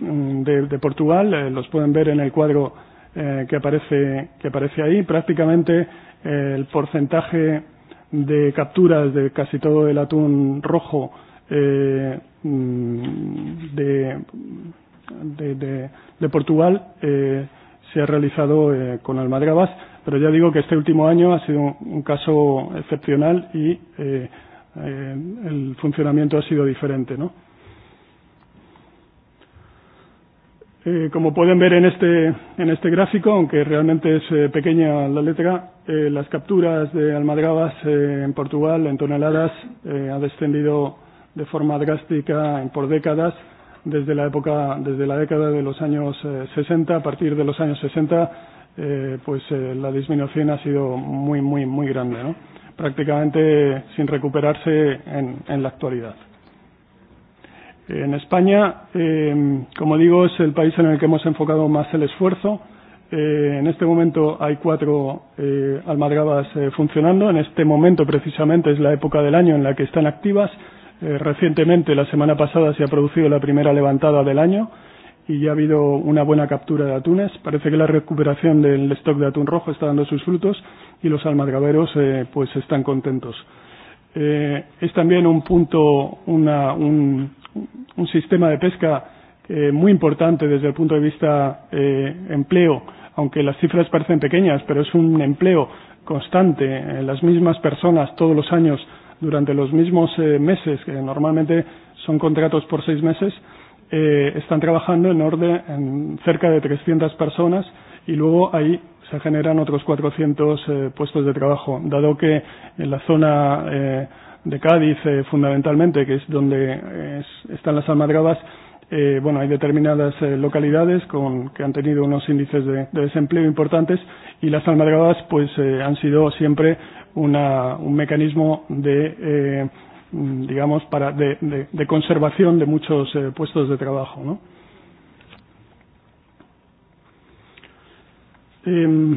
mm, de, de Portugal eh, los pueden ver en el cuadro eh, que, aparece, que aparece ahí. Prácticamente eh, el porcentaje de capturas de casi todo el atún rojo eh, mm, de de, de, de Portugal eh, se ha realizado eh, con almadrabas, pero ya digo que este último año ha sido un, un caso excepcional y eh, eh, el funcionamiento ha sido diferente, ¿no? Eh, como pueden ver en este, en este gráfico, aunque realmente es eh, pequeña la letra, eh, las capturas de almadrabas eh, en Portugal en toneladas eh, ha descendido de forma drástica en, por décadas desde la época, desde la década de los años eh, 60, a partir de los años 60, eh, pues eh, la disminución ha sido muy, muy, muy grande, ¿no? prácticamente sin recuperarse en, en la actualidad. En España, eh, como digo, es el país en el que hemos enfocado más el esfuerzo. Eh, en este momento hay cuatro eh, almadrabas eh, funcionando. En este momento, precisamente, es la época del año en la que están activas. Eh, recientemente, la semana pasada, se ha producido la primera levantada del año y ya ha habido una buena captura de atunes. Parece que la recuperación del stock de atún rojo está dando sus frutos y los almadraberos eh, pues están contentos. Eh, es también un punto, una, un, un sistema de pesca eh, muy importante desde el punto de vista eh, empleo, aunque las cifras parecen pequeñas, pero es un empleo constante. Eh, las mismas personas todos los años durante los mismos eh, meses, que normalmente son contratos por seis meses, eh, están trabajando en orden en cerca de 300 personas y luego ahí se generan otros 400 eh, puestos de trabajo, dado que en la zona eh, de Cádiz, eh, fundamentalmente, que es donde eh, es, están las almadrabas, eh, bueno, hay determinadas eh, localidades con, que han tenido unos índices de, de desempleo importantes y las almadrabas pues eh, han sido siempre una, un mecanismo de, eh, digamos, para, de, de, de conservación de muchos eh, puestos de trabajo, ¿no? Eh,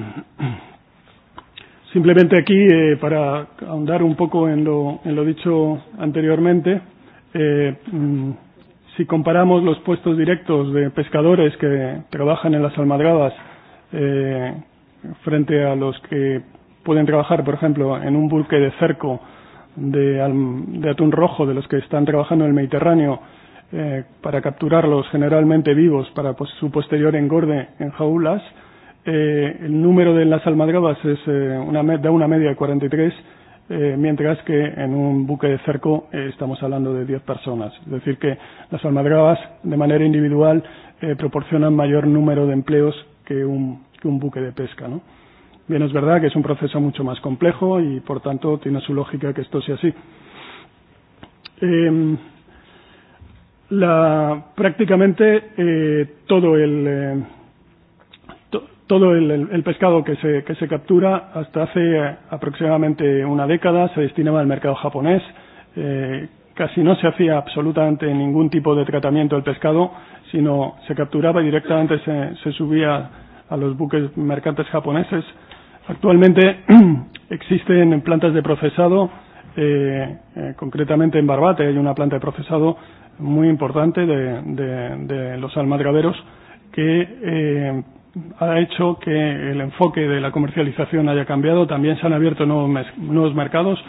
simplemente aquí, eh, para ahondar un poco en lo, en lo dicho anteriormente, eh, mm, si comparamos los puestos directos de pescadores que trabajan en las almadrabas eh, frente a los que pueden trabajar, por ejemplo, en un buque de cerco de, de atún rojo, de los que están trabajando en el Mediterráneo, eh, para capturarlos generalmente vivos para pues, su posterior engorde en jaulas. Eh, el número de las almadrabas es, eh, una, da una media de 43, eh, mientras que en un buque de cerco eh, estamos hablando de 10 personas. Es decir, que las almadrabas de manera individual eh, proporcionan mayor número de empleos que un, que un buque de pesca. ¿no? Eh, Bien, es verdad que es un proceso mucho más complejo y, por tanto, tiene su lógica que esto sea así. Eh, la, prácticamente eh, todo el. Eh, to, todo el, el pescado que se, que se captura hasta hace aproximadamente una década se destinaba al mercado japonés. Eh, casi no se hacía absolutamente ningún tipo de tratamiento del pescado, sino se capturaba y directamente se, se subía a los buques mercantes japoneses Actualmente existen plantas de procesado, eh, eh, concretamente en Barbate hay una planta de procesado muy importante de, de, de los almadraveros que eh, ha hecho que el enfoque de la comercialización haya cambiado. También se han abierto nuevos, mes, nuevos mercados,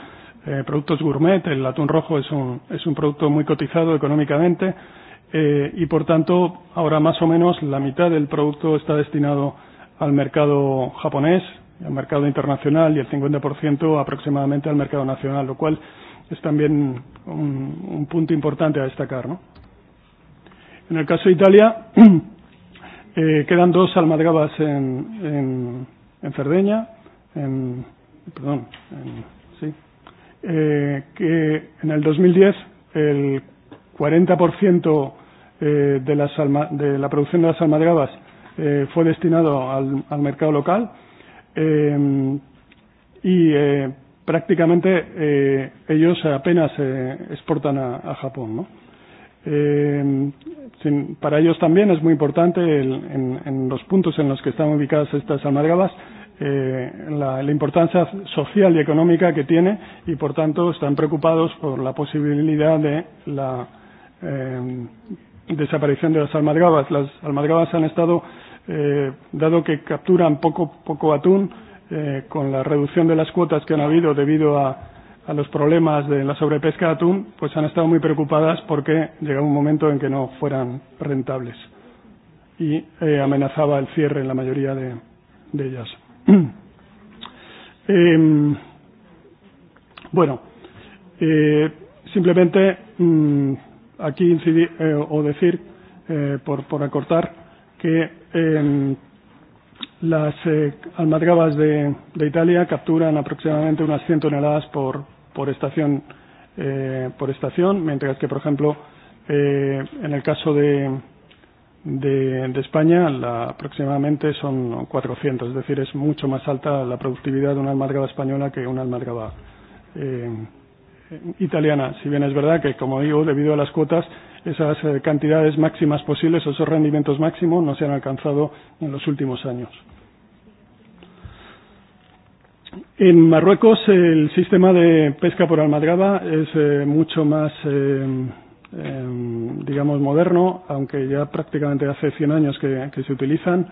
eh, productos gourmet, el atún rojo es un, es un producto muy cotizado económicamente eh, y por tanto ahora más o menos la mitad del producto está destinado al mercado japonés, al mercado internacional y el 50% aproximadamente al mercado nacional, lo cual es también un, un punto importante a destacar. ¿no? En el caso de Italia, eh, quedan dos almadrabas en, en, en Cerdeña, en, perdón, en, sí, eh, que en el 2010 el 40% eh, de, las alma, de la producción de las almadrabas eh, fue destinado al, al mercado local Eh, y eh, prácticamente eh, ellos apenas eh, exportan a, a Japón. ¿no? Eh, sin, para ellos también es muy importante el, en, en los puntos en los que están ubicadas estas almadrabas eh, la, la importancia social y económica que tiene y por tanto están preocupados por la posibilidad de la eh, desaparición de las almadrabas. Las almadrabas han estado eh, eh, dado que capturan poco, poco atún, eh, con la reducción de las cuotas que han habido debido a, a los problemas de la sobrepesca de atún, pues han estado muy preocupadas porque llegaba un momento en que no fueran rentables y eh, amenazaba el cierre en la mayoría de, de ellas. eh, bueno, eh, simplemente mm, aquí incidir eh, o decir, eh, por, por acortar, que eh, las eh, almadrabas de, de Italia capturan aproximadamente unas 100 toneladas por, por estación eh, por estación, mientras que, por ejemplo, eh, en el caso de, de, de España la, aproximadamente son 400, es decir, es mucho más alta la productividad de una almadraba española que una almadraba eh, italiana. Si bien es verdad que, como digo, debido a las cuotas, esas eh, cantidades máximas posibles, esos rendimientos máximos, no se han alcanzado en los últimos años. En Marruecos el sistema de pesca por almadraba es eh, mucho más, eh, eh, digamos, moderno, aunque ya prácticamente hace 100 años que, que se utilizan.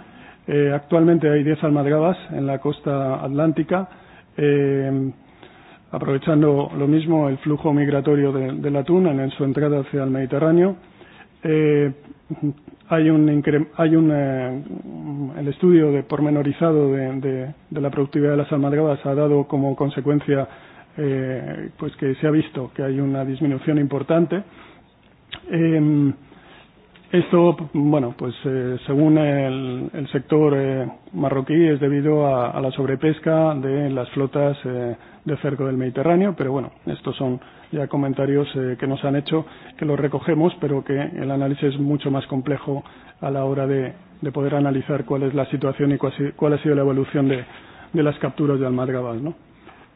Eh, actualmente hay 10 almadrabas en la costa atlántica. Eh, aprovechando lo mismo el flujo migratorio de, del atún en su entrada hacia el Mediterráneo. Eh, hay un, hay un eh, el estudio de pormenorizado de, de, de la productividad de las almadrabas ha dado como consecuencia eh, pues que se ha visto que hay una disminución importante. Eh, Esto, bueno, pues eh, según el, el sector eh, marroquí es debido a, a la sobrepesca de las flotas eh, de cerco del Mediterráneo, pero bueno, estos son ya comentarios eh, que nos han hecho, que los recogemos, pero que el análisis es mucho más complejo a la hora de, de poder analizar cuál es la situación y cuál, cuál ha sido la evolución de, de las capturas de almadrabas, ¿no?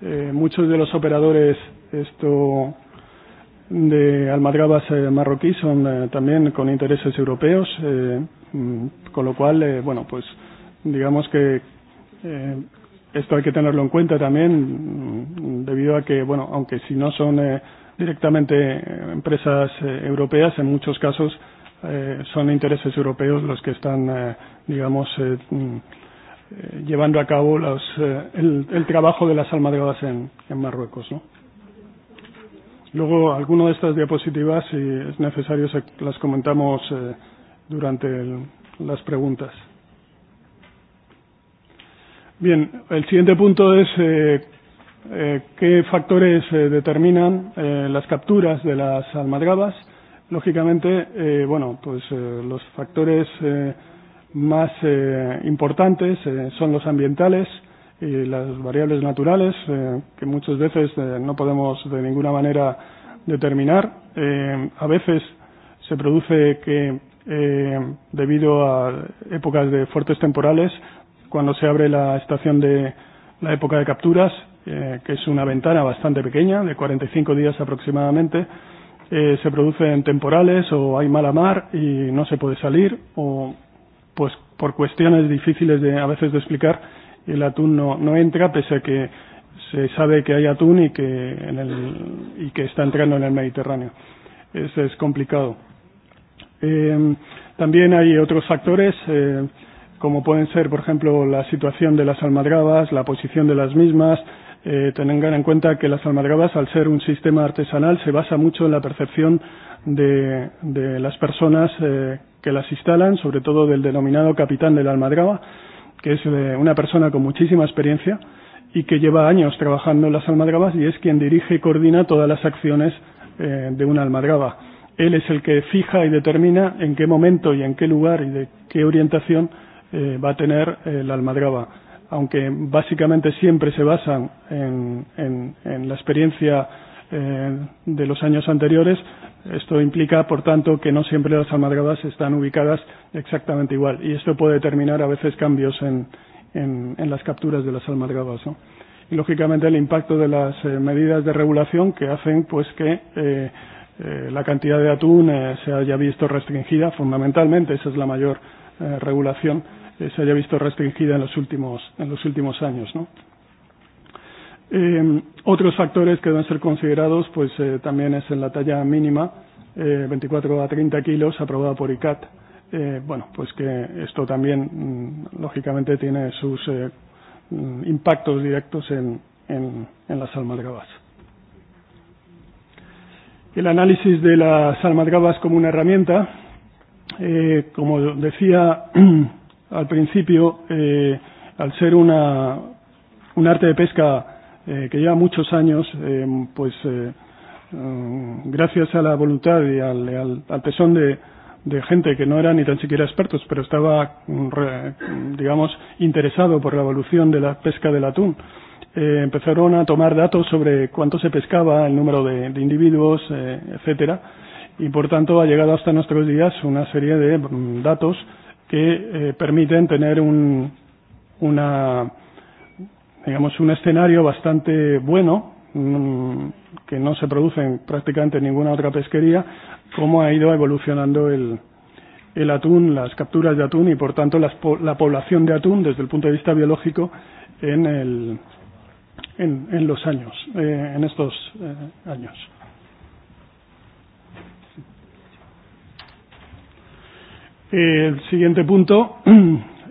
Eh, muchos de los operadores esto de almadrabas eh, marroquí son eh, también con intereses europeos, eh, mm, con lo cual, eh, bueno, pues digamos que eh, esto hay que tenerlo en cuenta también, mm, debido a que, bueno, aunque si no son eh, directamente eh, empresas eh, europeas, en muchos casos eh, son intereses europeos los que están, eh, digamos, eh, mm, eh, llevando a cabo los, eh, el, el trabajo de las almadrabas en, en Marruecos, ¿no? Luego, algunas de estas diapositivas, si es necesario, se, las comentamos eh, durante el, las preguntas. Bien, el siguiente punto es eh, eh, qué factores eh, determinan eh, las capturas de las almadrabas. Lógicamente, eh, bueno, pues eh, los factores eh, más eh, importantes eh, son los ambientales, y las variables naturales eh, que muchas veces eh, no podemos de ninguna manera determinar. Eh, a veces se produce que eh, debido a épocas de fuertes temporales, cuando se abre la estación de la época de capturas, eh, que es una ventana bastante pequeña, de 45 días aproximadamente, eh, se producen temporales o hay mala mar y no se puede salir o pues por cuestiones difíciles de a veces de explicar el atún no, no entra, pese a que se sabe que hay atún y que, en el, y que está entrando en el Mediterráneo. Eso es complicado. Eh, también hay otros factores, eh, como pueden ser, por ejemplo, la situación de las almadrabas, la posición de las mismas. Eh, tengan en cuenta que las almadrabas, al ser un sistema artesanal, se basa mucho en la percepción de, de las personas eh, que las instalan, sobre todo del denominado capitán de la almadraba, eh, que es una persona con muchísima experiencia y que lleva años trabajando en las almadrabas y es quien dirige y coordina todas las acciones eh, de una almadraba. Él es el que fija y determina en qué momento y en qué lugar y de qué orientación eh, va a tener eh, la almadraba. Aunque básicamente siempre se basan en, en, en la experiencia eh, de los años anteriores, Esto implica, por tanto, que no siempre las almadrabas están ubicadas exactamente igual y esto puede determinar a veces cambios en, en, en las capturas de las almadrabas. ¿no? Y, lógicamente, el impacto de las eh, medidas de regulación que hacen pues que eh, eh, la cantidad de atún eh, se haya visto restringida, fundamentalmente, esa es la mayor eh, regulación, eh, se haya visto restringida en los últimos, en los últimos años. ¿no? Eh, otros factores que deben ser considerados, pues eh, también es en la talla mínima, eh, 24 a 30 kilos, aprobada por ICAT. Eh, bueno, pues que esto también, mm, lógicamente, tiene sus eh, mm, impactos directos en, en, en las almadrabas. El análisis de las almadrabas como una herramienta, eh, como decía al principio, eh, al ser una, un arte de pesca eh, que lleva muchos años, eh, pues eh, eh, gracias a la voluntad y al, al, al tesón de, de gente que no era ni tan siquiera expertos, pero estaba, mm, mm, digamos, interesado por la evolución de la pesca del atún. Eh, empezaron a tomar datos sobre cuánto se pescaba, el número de, de individuos, eh, etcétera, y por tanto ha llegado hasta nuestros días una serie de mm, datos que eh, permiten tener un, una digamos, un escenario bastante bueno, mmm, que no se produce en prácticamente ninguna otra pesquería, cómo ha ido evolucionando el, el atún, las capturas de atún y, por tanto, las, la población de atún desde el punto de vista biológico en, el, en, en los años, eh, en estos eh, años. El siguiente punto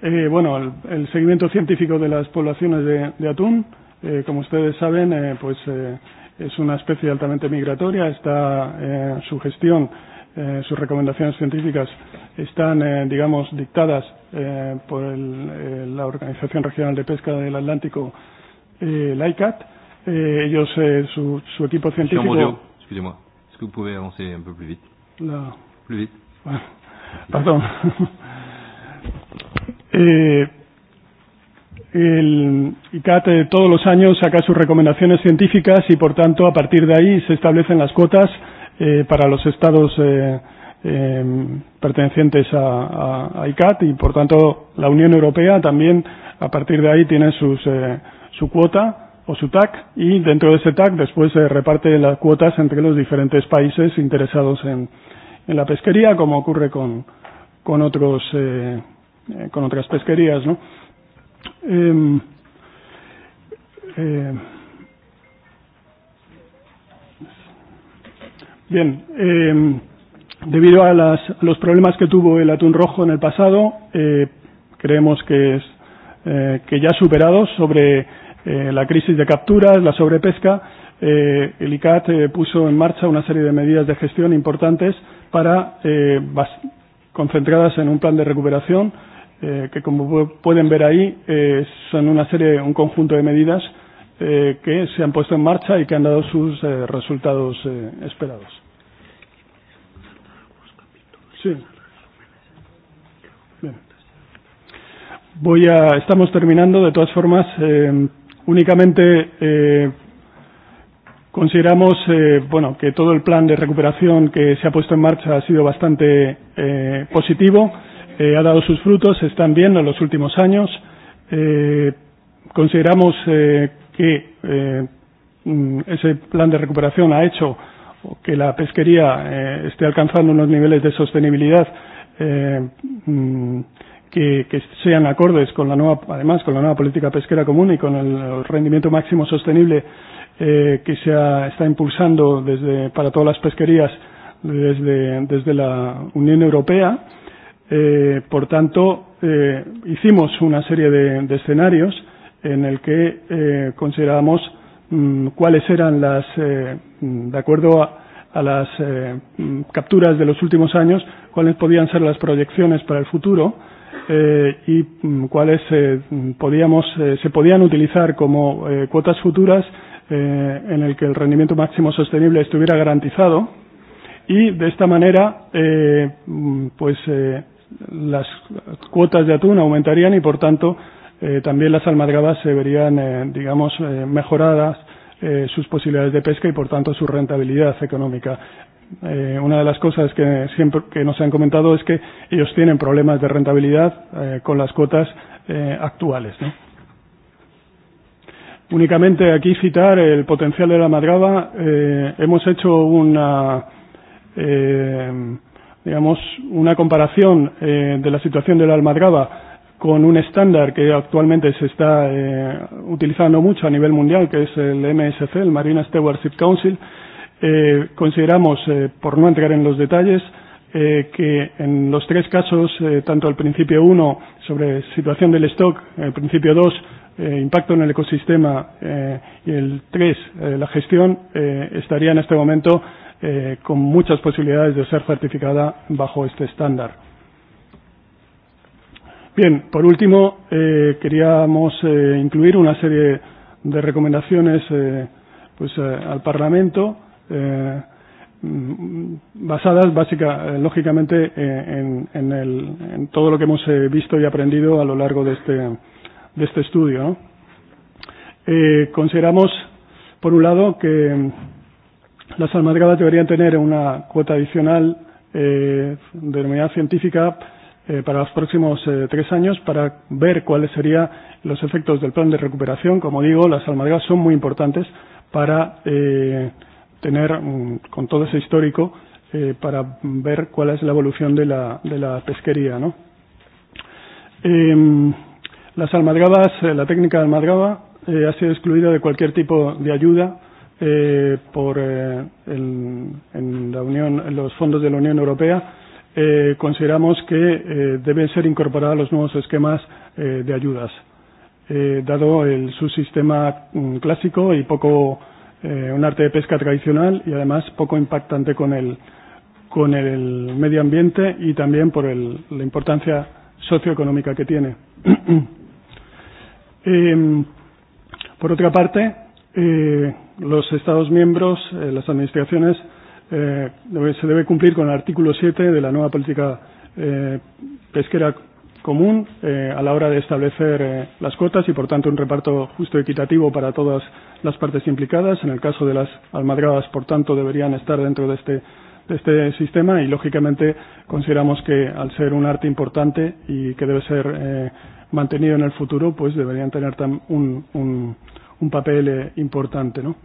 eh, bueno, el, el seguimiento científico de las poblaciones de, de atún, eh, como ustedes saben, eh, pues eh, es una especie altamente migratoria. Está eh, su gestión, eh, sus recomendaciones científicas están, eh, digamos, dictadas eh, por el, eh, la Organización Regional de Pesca del Atlántico, eh, la ICAT. Eh, ellos, eh, su, su equipo científico. Excusez-moi. Est-ce que vous pouvez avancer un peu plus vite? Là. Plus vite. Ouais. pardon. Eh, el ICAT eh, todos los años saca sus recomendaciones científicas y, por tanto, a partir de ahí se establecen las cuotas eh, para los estados eh, eh, pertenecientes a, a, a ICAT y, por tanto, la Unión Europea también, a partir de ahí, tiene sus, eh, su cuota o su TAC y dentro de ese TAC después se eh, reparte las cuotas entre los diferentes países interesados en, en la pesquería, como ocurre con, con otros eh, eh, con otras pesquerías, ¿no? Eh, eh, bien, eh, debido a, las, a los problemas que tuvo el atún rojo en el pasado, eh, creemos que es eh, que ya superados sobre eh, la crisis de capturas, la sobrepesca, eh, el ICAT eh, puso en marcha una serie de medidas de gestión importantes para eh, concentradas en un plan de recuperación eh, que como pueden ver ahí eh, son una serie, un conjunto de medidas eh, que se han puesto en marcha y que han dado sus eh, resultados eh, esperados. Sí. Bien. Voy a, estamos terminando, de todas formas, eh, únicamente eh, Consideramos eh, bueno, que todo el plan de recuperación que se ha puesto en marcha ha sido bastante eh, positivo eh, ha dado sus frutos, se están viendo en los últimos años. Eh, consideramos eh, que eh, mm, ese plan de recuperación ha hecho que la pesquería eh, esté alcanzando unos niveles de sostenibilidad eh, mm, que, que sean acordes con la nueva, además con la nueva política pesquera común y con el, rendimiento máximo sostenible eh, que se ha, está impulsando desde, para todas las pesquerías desde, desde la Unión Europea. Eh, Eh, por tanto, eh, hicimos una serie de, de escenarios en el que eh, consideramos mmm, cuáles eran las, eh, mm, de acuerdo a, a las eh, mm, capturas de los últimos años, cuáles podían ser las proyecciones para el futuro eh, y mmm, cuáles eh, mm, podíamos, eh, se podían utilizar como eh, cuotas futuras eh, en el que el rendimiento máximo sostenible estuviera garantizado y de esta manera eh, pues eh, las cuotas de atún aumentarían y, por tanto, eh, también las almadrabas se verían, eh, digamos, eh, mejoradas eh, sus posibilidades de pesca y, por tanto, su rentabilidad económica. Eh, una de las cosas que siempre que nos han comentado es que ellos tienen problemas de rentabilidad eh, con las cuotas eh, actuales. ¿no? Únicamente aquí citar el potencial de la madraba. Eh, hemos hecho una eh, digamos, una comparación eh, de la situación de la almadraba con un estándar que actualmente se está eh, utilizando mucho a nivel mundial, que es el MSC, el Marine Stewardship Council, eh, consideramos, eh, por no entrar en los detalles, eh, que en los tres casos, eh, tanto el principio 1 sobre situación del stock, el eh, principio 2 eh, impacto en el ecosistema eh, y el 3 eh, la gestión, eh, estaría en este momento eh, con muchas posibilidades de ser certificada bajo este estándar. Bien, por último, eh, queríamos eh, incluir una serie de recomendaciones eh, pues, eh, al Parlamento. Eh, mm, basadas básica, eh, lógicamente eh, en, en, el, en todo lo que hemos eh, visto y aprendido a lo largo de este, de este estudio. ¿no? Eh, consideramos, por un lado, que eh, las almadrabas deberían tener una cuota adicional eh, de unidad científica eh, para los próximos eh, tres años para ver cuáles serían los efectos del plan de recuperación. Como digo, las almadrabas son muy importantes para eh, tener, mm, con todo ese histórico, eh, para ver cuál es la evolución de la, de la pesquería. ¿no? Eh, las almadrabas, eh, la técnica de almadraba eh, ha sido excluida de cualquier tipo de ayuda eh, por eh, el, en la Unión, en los fondos de la Unión Europea, eh, consideramos que eh, deben ser incorporados los nuevos esquemas eh, de ayudas, eh, dado el, subsistema mm, clásico y poco eh, un arte de pesca tradicional y además poco impactante con el con el medio ambiente y también por el, la importancia socioeconómica que tiene. eh, por otra parte, eh, los Estados miembros, eh, las administraciones, eh, debe, se debe cumplir con el artículo 7 de la nueva política eh, pesquera común eh, a la hora de establecer eh, las cuotas y, por tanto, un reparto justo y equitativo para todas las partes implicadas. En el caso de las almadrabas, por tanto, deberían estar dentro de este, de este sistema y, lógicamente, consideramos que, al ser un arte importante y que debe ser eh, mantenido en el futuro, pues deberían tener tam un, un, un papel eh, importante, ¿no?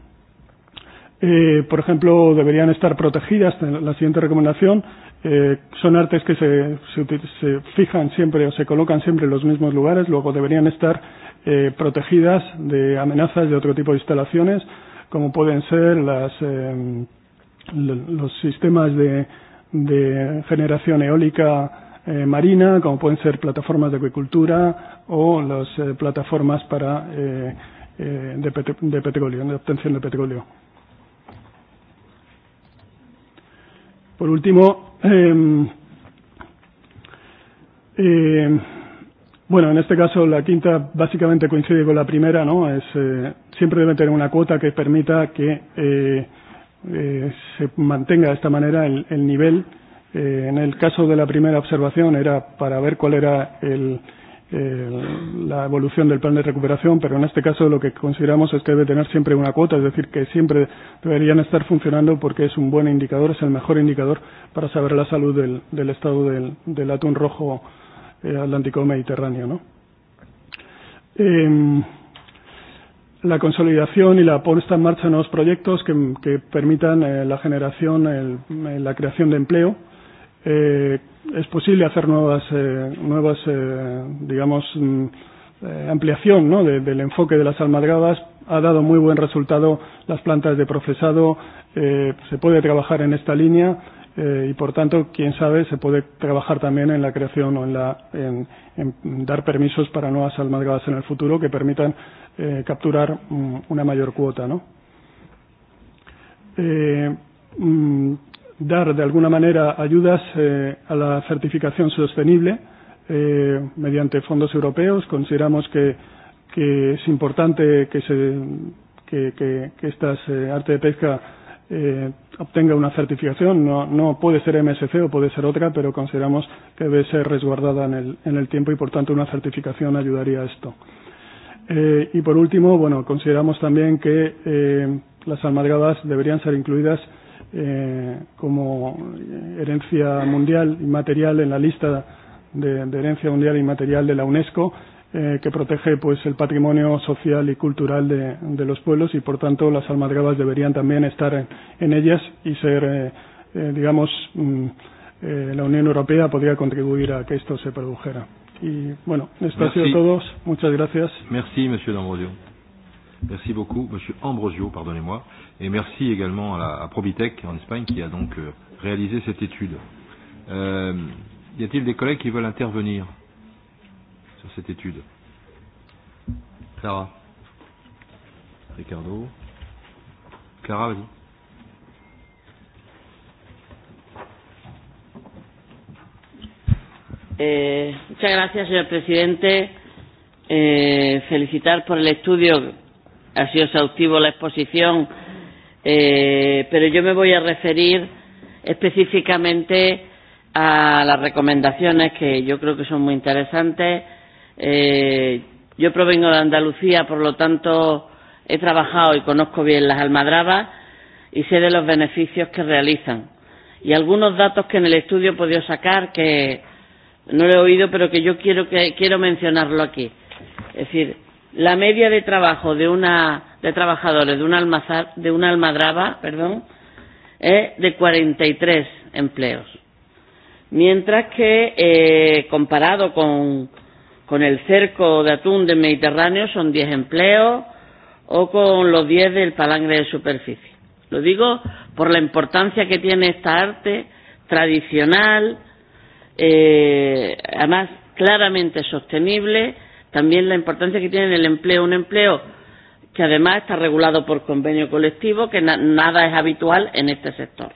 Eh, por ejemplo, deberían estar protegidas, eh, la siguiente recomendación, eh, son artes que se, se, se fijan siempre o se colocan siempre en los mismos lugares, luego deberían estar eh, protegidas de amenazas de otro tipo de instalaciones, como pueden ser las, eh, los sistemas de, de generación eólica eh, marina, como pueden ser plataformas de acuicultura o las eh, plataformas para eh, eh, de, petro de petróleo, de obtención de petróleo. Por último, eh, eh, bueno, en este caso la quinta básicamente coincide con la primera, ¿no? Es eh, siempre debe tener una cuota que permita que eh, eh, se mantenga de esta manera el, el nivel. Eh, en el caso de la primera observación era para ver cuál era el, eh, eh, la evolución del plan de recuperación, pero en este caso lo que consideramos es que debe tener siempre una cuota, es decir, que siempre deberían estar funcionando porque es un buen indicador, es el mejor indicador para saber la salud del, del estado del, del atún rojo eh, atlántico mediterráneo. ¿no? Eh, la consolidación y la puesta en marcha de nuevos proyectos que, que permitan eh, la generación, el, la creación de empleo, eh, es posible hacer nuevas, eh, nuevas eh, digamos, mm, eh, ampliación ¿no? de, del enfoque de las almadrabas. Ha dado muy buen resultado las plantas de procesado. Eh, se puede trabajar en esta línea eh, y, por tanto, quién sabe, se puede trabajar también en la creación o en, la, en, en dar permisos para nuevas almadrabas en el futuro que permitan eh, capturar mm, una mayor cuota. ¿no? Eh, mm, dar de alguna manera ayudas eh, a la certificación sostenible eh, mediante fondos europeos. Consideramos que, que es importante que, se, que, que, que estas eh, arte de pesca eh, obtenga una certificación. No, no puede ser MSC o puede ser otra, pero consideramos que debe ser resguardada en el, en el tiempo y, por tanto, una certificación ayudaría a esto. Eh, y, por último, bueno, consideramos también que eh, las almadrabas deberían ser incluidas eh, como herencia mundial inmaterial en la lista de, de herencia mundial inmaterial de la UNESCO eh, que protege pues el patrimonio social y cultural de, de los pueblos y por tanto las almadrabas deberían también estar en, en ellas y ser eh, eh, digamos mm, eh, la Unión Europea podría contribuir a que esto se produjera. Y bueno, esto Merci. ha sido todo. Muchas gracias. Merci, Monsieur Merci beaucoup, Monsieur Ambrosio, pardonnez-moi, et merci également à, la, à Probitech en Espagne qui a donc euh, réalisé cette étude. Euh, y a-t-il des collègues qui veulent intervenir sur cette étude Clara Ricardo Clara, vas-y. Eh, muchas gracias, señor presidente. Eh, felicitar por el estudio ha sido exhaustivo la exposición, eh, pero yo me voy a referir específicamente a las recomendaciones que yo creo que son muy interesantes. Eh, yo provengo de Andalucía, por lo tanto he trabajado y conozco bien las almadrabas y sé de los beneficios que realizan. Y algunos datos que en el estudio he podido sacar que no lo he oído, pero que yo quiero, que, quiero mencionarlo aquí. Es decir, la media de trabajo de una de trabajadores de una almazar, de una almadraba, perdón, es de 43 empleos. Mientras que eh, comparado con, con el cerco de atún del Mediterráneo son 10 empleos o con los 10 del palangre de superficie. Lo digo por la importancia que tiene esta arte tradicional, eh, además claramente sostenible, También la importancia que tiene el empleo, un empleo que además está regulado por convenio colectivo, que na nada es habitual en este sector.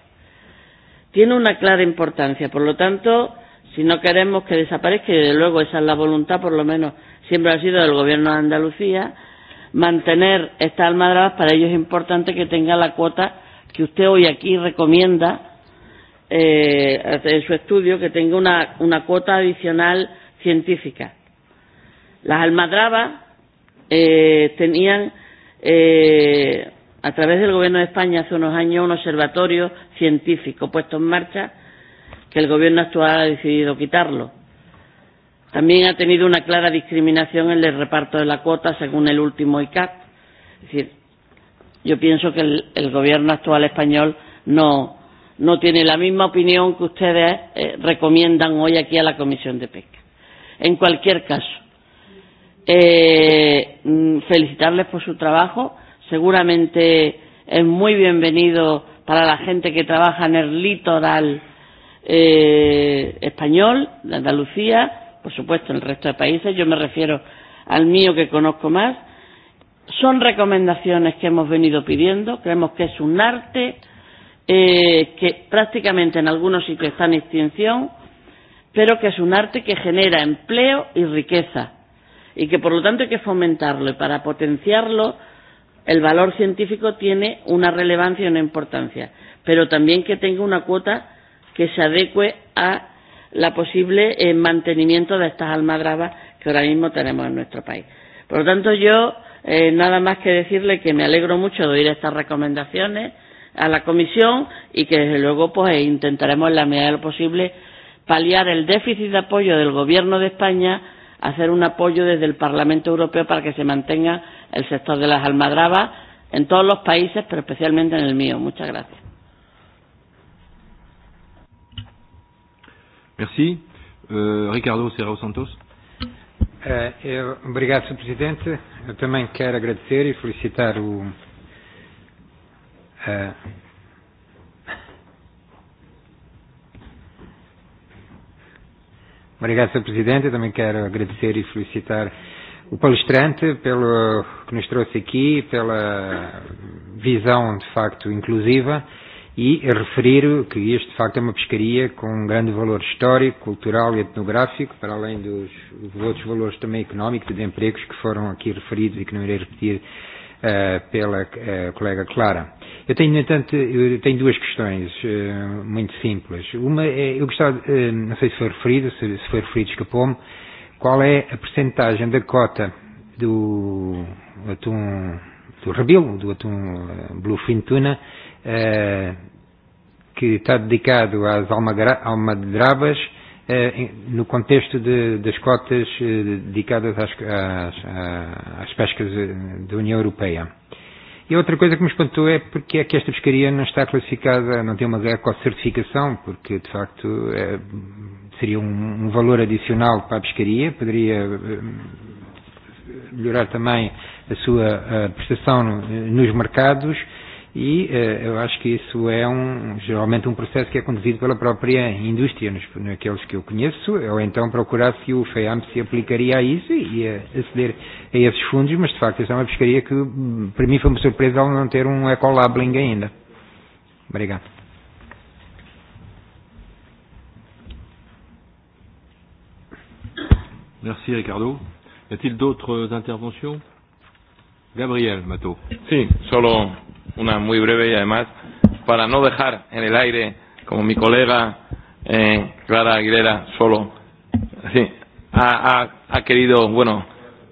Tiene una clara importancia, por lo tanto, si no queremos que desaparezca, y desde luego esa es la voluntad, por lo menos siempre ha sido del Gobierno de Andalucía, mantener estas almadrabas, para ello es importante que tenga la cuota que usted hoy aquí recomienda eh, en su estudio, que tenga una, una cuota adicional científica Las almadrabas eh, tenían, eh, a través del Gobierno de España hace unos años, un observatorio científico puesto en marcha que el Gobierno actual ha decidido quitarlo. También ha tenido una clara discriminación en el reparto de la cuota según el último ICAT. Es decir, yo pienso que el, el Gobierno actual español no, no tiene la misma opinión que ustedes eh, recomiendan hoy aquí a la Comisión de Pesca. En cualquier caso, eh, mm, felicitarles por su trabajo. Seguramente es muy bienvenido para la gente que trabaja en el litoral eh, español, de Andalucía, por supuesto en el resto de países. Yo me refiero al mío que conozco más. Son recomendaciones que hemos venido pidiendo. Creemos que es un arte eh, que prácticamente en algunos sitios está en extinción, pero que es un arte que genera empleo y riqueza y que por lo tanto hay que fomentarlo y para potenciarlo el valor científico tiene una relevancia y una importancia, pero también que tenga una cuota que se adecue a la posible eh, mantenimiento de estas almadrabas que ahora mismo tenemos en nuestro país. Por lo tanto, yo eh, nada más que decirle que me alegro mucho de oír estas recomendaciones a la Comisión y que desde luego pues eh, intentaremos en la medida de lo posible paliar el déficit de apoyo del Gobierno de España hacer un apoyo desde el Parlamento Europeo para que se mantenga el sector de las almadrabas en todos los países, pero especialmente en el mío. Muchas gracias. Merci. Uh, Ricardo Serrao Santos. Uh, eh, eu, eh, obrigado, Sr. Presidente. Eu também quero agradecer e felicitar o, uh, Obrigado, Sr. Presidente. também quero agradecer e felicitar o palestrante pelo que nos trouxe aqui, pela visão de facto inclusiva e referir que isto, de facto é uma pescaria com um grande valor histórico, cultural e etnográfico, para além dos, dos outros valores também económicos e de empregos que foram aqui referidos e que não irei repetir Eh, pela eh, colega Clara. Eu tenho, no entanto, eu tenho duas questões eh, muito simples. Uma é, eu gostava, não sei se foi referido, se, se foi referido escapou-me, qual é a percentagem da cota do atum, do rebilo, do atum bluefin tuna, que está dedicado às almadrabas no contexto de, das cotas eh, dedicadas às, às, às pescas eh, da União Europeia. E outra coisa que me espantou é porque é que esta pescaria não está classificada, não tem uma ecocertificação, porque de facto é, seria um, um valor adicional para a pescaria, poderia eh, melhorar também a sua a prestação nos mercados e eh, eu acho que isso é um, geralmente um processo que é conduzido pela própria indústria, nos, naqueles que eu conheço, ou então procurar se o FEAM se aplicaria a isso e a aceder a esses fundos, mas de facto isso é uma pescaria que para mim foi uma surpresa ao não ter um ecolabeling ainda. Obrigado. Merci Ricardo. Y a-t-il d'autres interventions Gabriel Mato. Sì, solo una muy breve y además para no dejar en el aire, como mi colega eh, Clara Aguilera solo, sí, ha, ha, ha querido, bueno,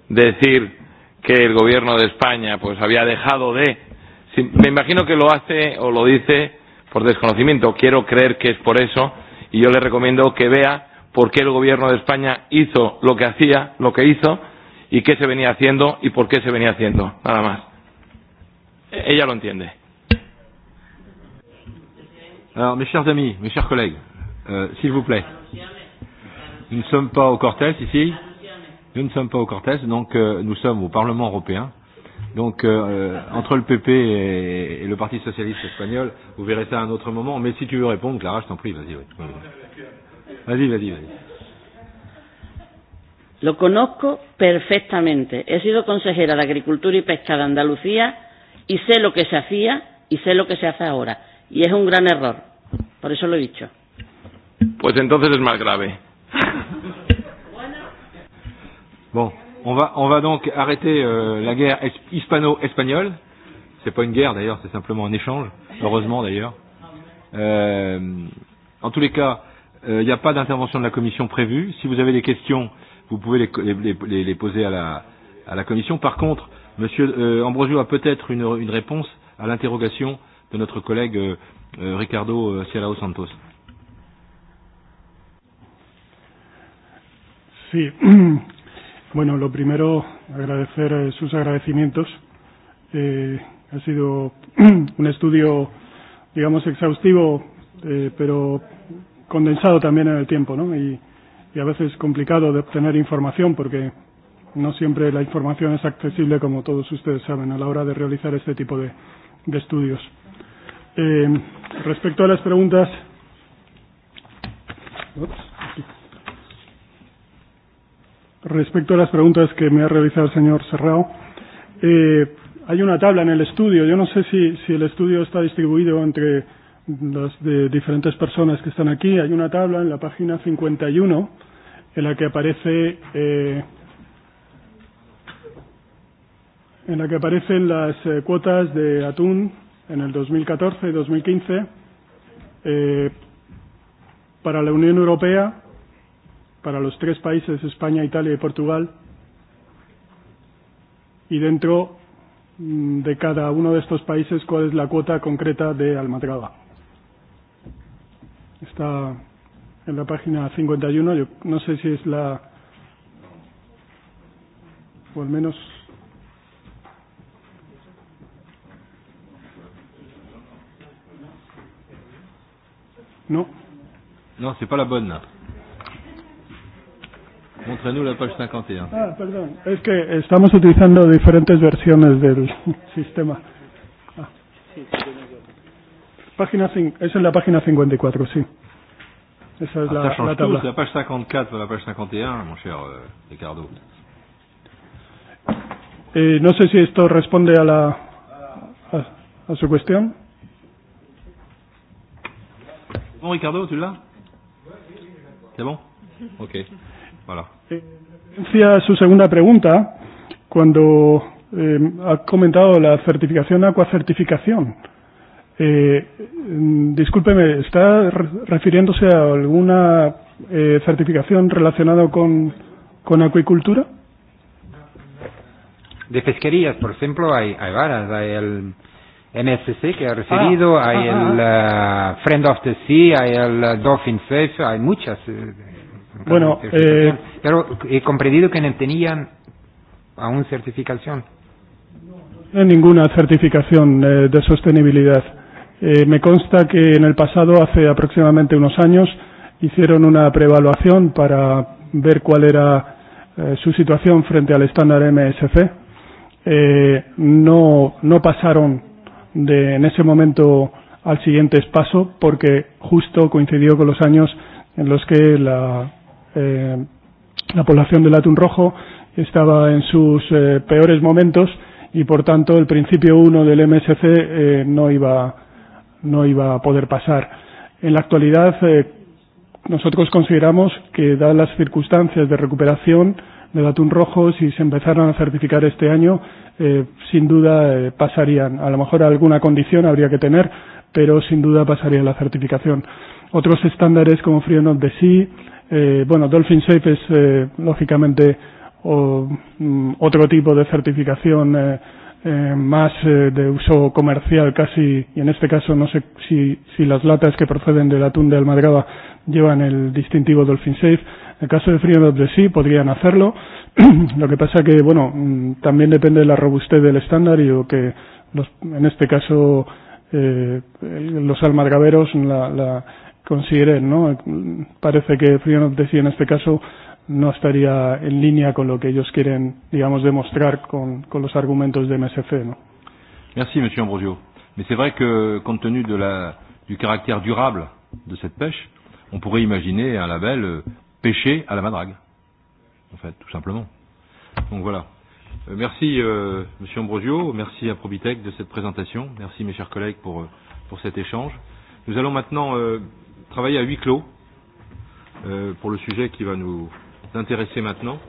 decir que el gobierno de España pues había dejado de. Si, me imagino que lo hace o lo dice por desconocimiento. Quiero creer que es por eso y yo le recomiendo que vea por qué el gobierno de España hizo lo que hacía, lo que hizo y qué se venía haciendo y por qué se venía haciendo. Nada más ella lo entiende. Alors, mes chers amis, mes chers collègues, euh, s'il vous plaît, nous ne sommes pas au Cortès ici. Nous ne sommes pas au Cortès, donc euh, nous sommes au Parlement européen. Donc, euh, euh entre le PP et, et le Parti socialiste espagnol, vous verrez ça à un autre moment. Mais si tu veux répondre, Clara, je t'en prie, vas-y. Vas-y, vas-y, vas-y. Lo conozco perfectamente. He sido consejera de Agricultura y Pesca de Andalucía y sé lo que se hacía y sé lo que se hace ahora. Y es un gran error. Por eso lo he dicho. Pues entonces es más grave. Bon, on va, on va donc arrêter euh, la guerre hispano-espagnole. C'est pas une guerre d'ailleurs, c'est simplement un échange, heureusement d'ailleurs. Euh, en tous les cas, euh, il euh, n'y a pas d'intervention de la Commission prévue. Si vous avez des questions, vous pouvez les, les, les, les poser à la, à la Commission. Par contre, euh, Monsieur euh, Ambrosio a peut-être une, une réponse à l'interrogation de notre collègue euh, euh, Ricardo Cielao euh, Santos. Sí. Bueno, lo primero, agradecer eh, sus agradecimientos. Eh, ha sido un estudio, digamos, exhaustivo, eh, pero condensado también en el tiempo, ¿no? Y, y a veces complicado de obtener información porque no siempre la información es accesible, como todos ustedes saben, a la hora de realizar este tipo de, de estudios. Eh, respecto a las preguntas. Ups, Respecto a las preguntas que me ha realizado el señor Serrao, eh, hay una tabla en el estudio. Yo no sé si, si el estudio está distribuido entre las de diferentes personas que están aquí. Hay una tabla en la página 51 en la que aparece eh, en la que aparecen las eh, cuotas de atún en el 2014 y 2015 eh, para la Unión Europea, para los tres países, España, Italia y Portugal, y dentro mm, de cada uno de estos países cuál es la cuota concreta de Almadraba. Está en la página 51, yo no sé si es la o al menos Non. Non, c'est pas la bonne là. Montrez-nous la page 51. Ah, perdón. Es que estamos utilizando diferentes versiones del sistema. Ah. Página cinc... Esa es la página 54, sí. Esa es ah, la, ça change la tabla. Tout. La page 54, la page 51, mon cher euh, Ricardo. Eh, no sé si esto responde a la a, a su cuestión. Bon, Ricardo, tu l'as C'est bon Ok. Voilà. Sí, a su segunda pregunta, cuando eh, ha comentado la certificación acuacertificación, eh, discúlpeme, ¿está refiriéndose a alguna eh, certificación relacionada con, con acuicultura? De pesquerías, por ejemplo, hay, hay varas. Hay el, NSC, que ha referido, ah, hay ah, ah, el ah. uh, Friend of the Sea, hay el uh, Dolphin Safe, hay muchas. Uh, eh, bueno, eh, pero he comprendido que no tenían aún certificación. No hay ninguna certificación eh, de sostenibilidad. Eh, me consta que en el pasado, hace aproximadamente unos años, hicieron una preevaluación para ver cuál era eh, su situación frente al estándar MSC. Eh, no, no pasaron de en ese momento al siguiente paso porque justo coincidió con los años en los que la, eh, la población del atún rojo estaba en sus eh, peores momentos y por tanto el principio 1 del MSC eh, no iba no iba a poder pasar. En la actualidad eh, nosotros consideramos que dadas las circunstancias de recuperación del atún rojo si se empezaron a certificar este año eh, sin duda eh, pasarían. A lo mejor alguna condición habría que tener, pero sin duda pasaría la certificación. Otros estándares como Freedom of the Sea, eh, bueno, Dolphin Safe es eh, lógicamente o, mm, otro tipo de certificación eh, eh, más eh, de uso comercial casi, y en este caso no sé si, si las latas que proceden del atún de Almadraba llevan el distintivo Dolphin Safe. En el caso de Freedom of the Sea podrían hacerlo. Lo que pasa que, bueno, mm, también depende de la robustez del estándar y lo que, los, en este caso, eh, los almargaveros la, la consideren, ¿no? Parece que Freedom of the Sea en este caso no estaría en línea con lo que ellos quieren, digamos, demostrar con, con los argumentos de MSF, ¿no? Merci, Monsieur Ambrosio. Mais c'est vrai que, compte tenu de la, du caractère durable de cette pêche, on pourrait imaginer un label euh, pêché à la madrague en fait, tout simplement. Donc voilà. Euh, merci euh, Monsieur Ambrosio, merci à Probitech de cette présentation, merci mes chers collègues pour, euh, pour cet échange. Nous allons maintenant euh, travailler à huis clos euh, pour le sujet qui va nous intéresser maintenant.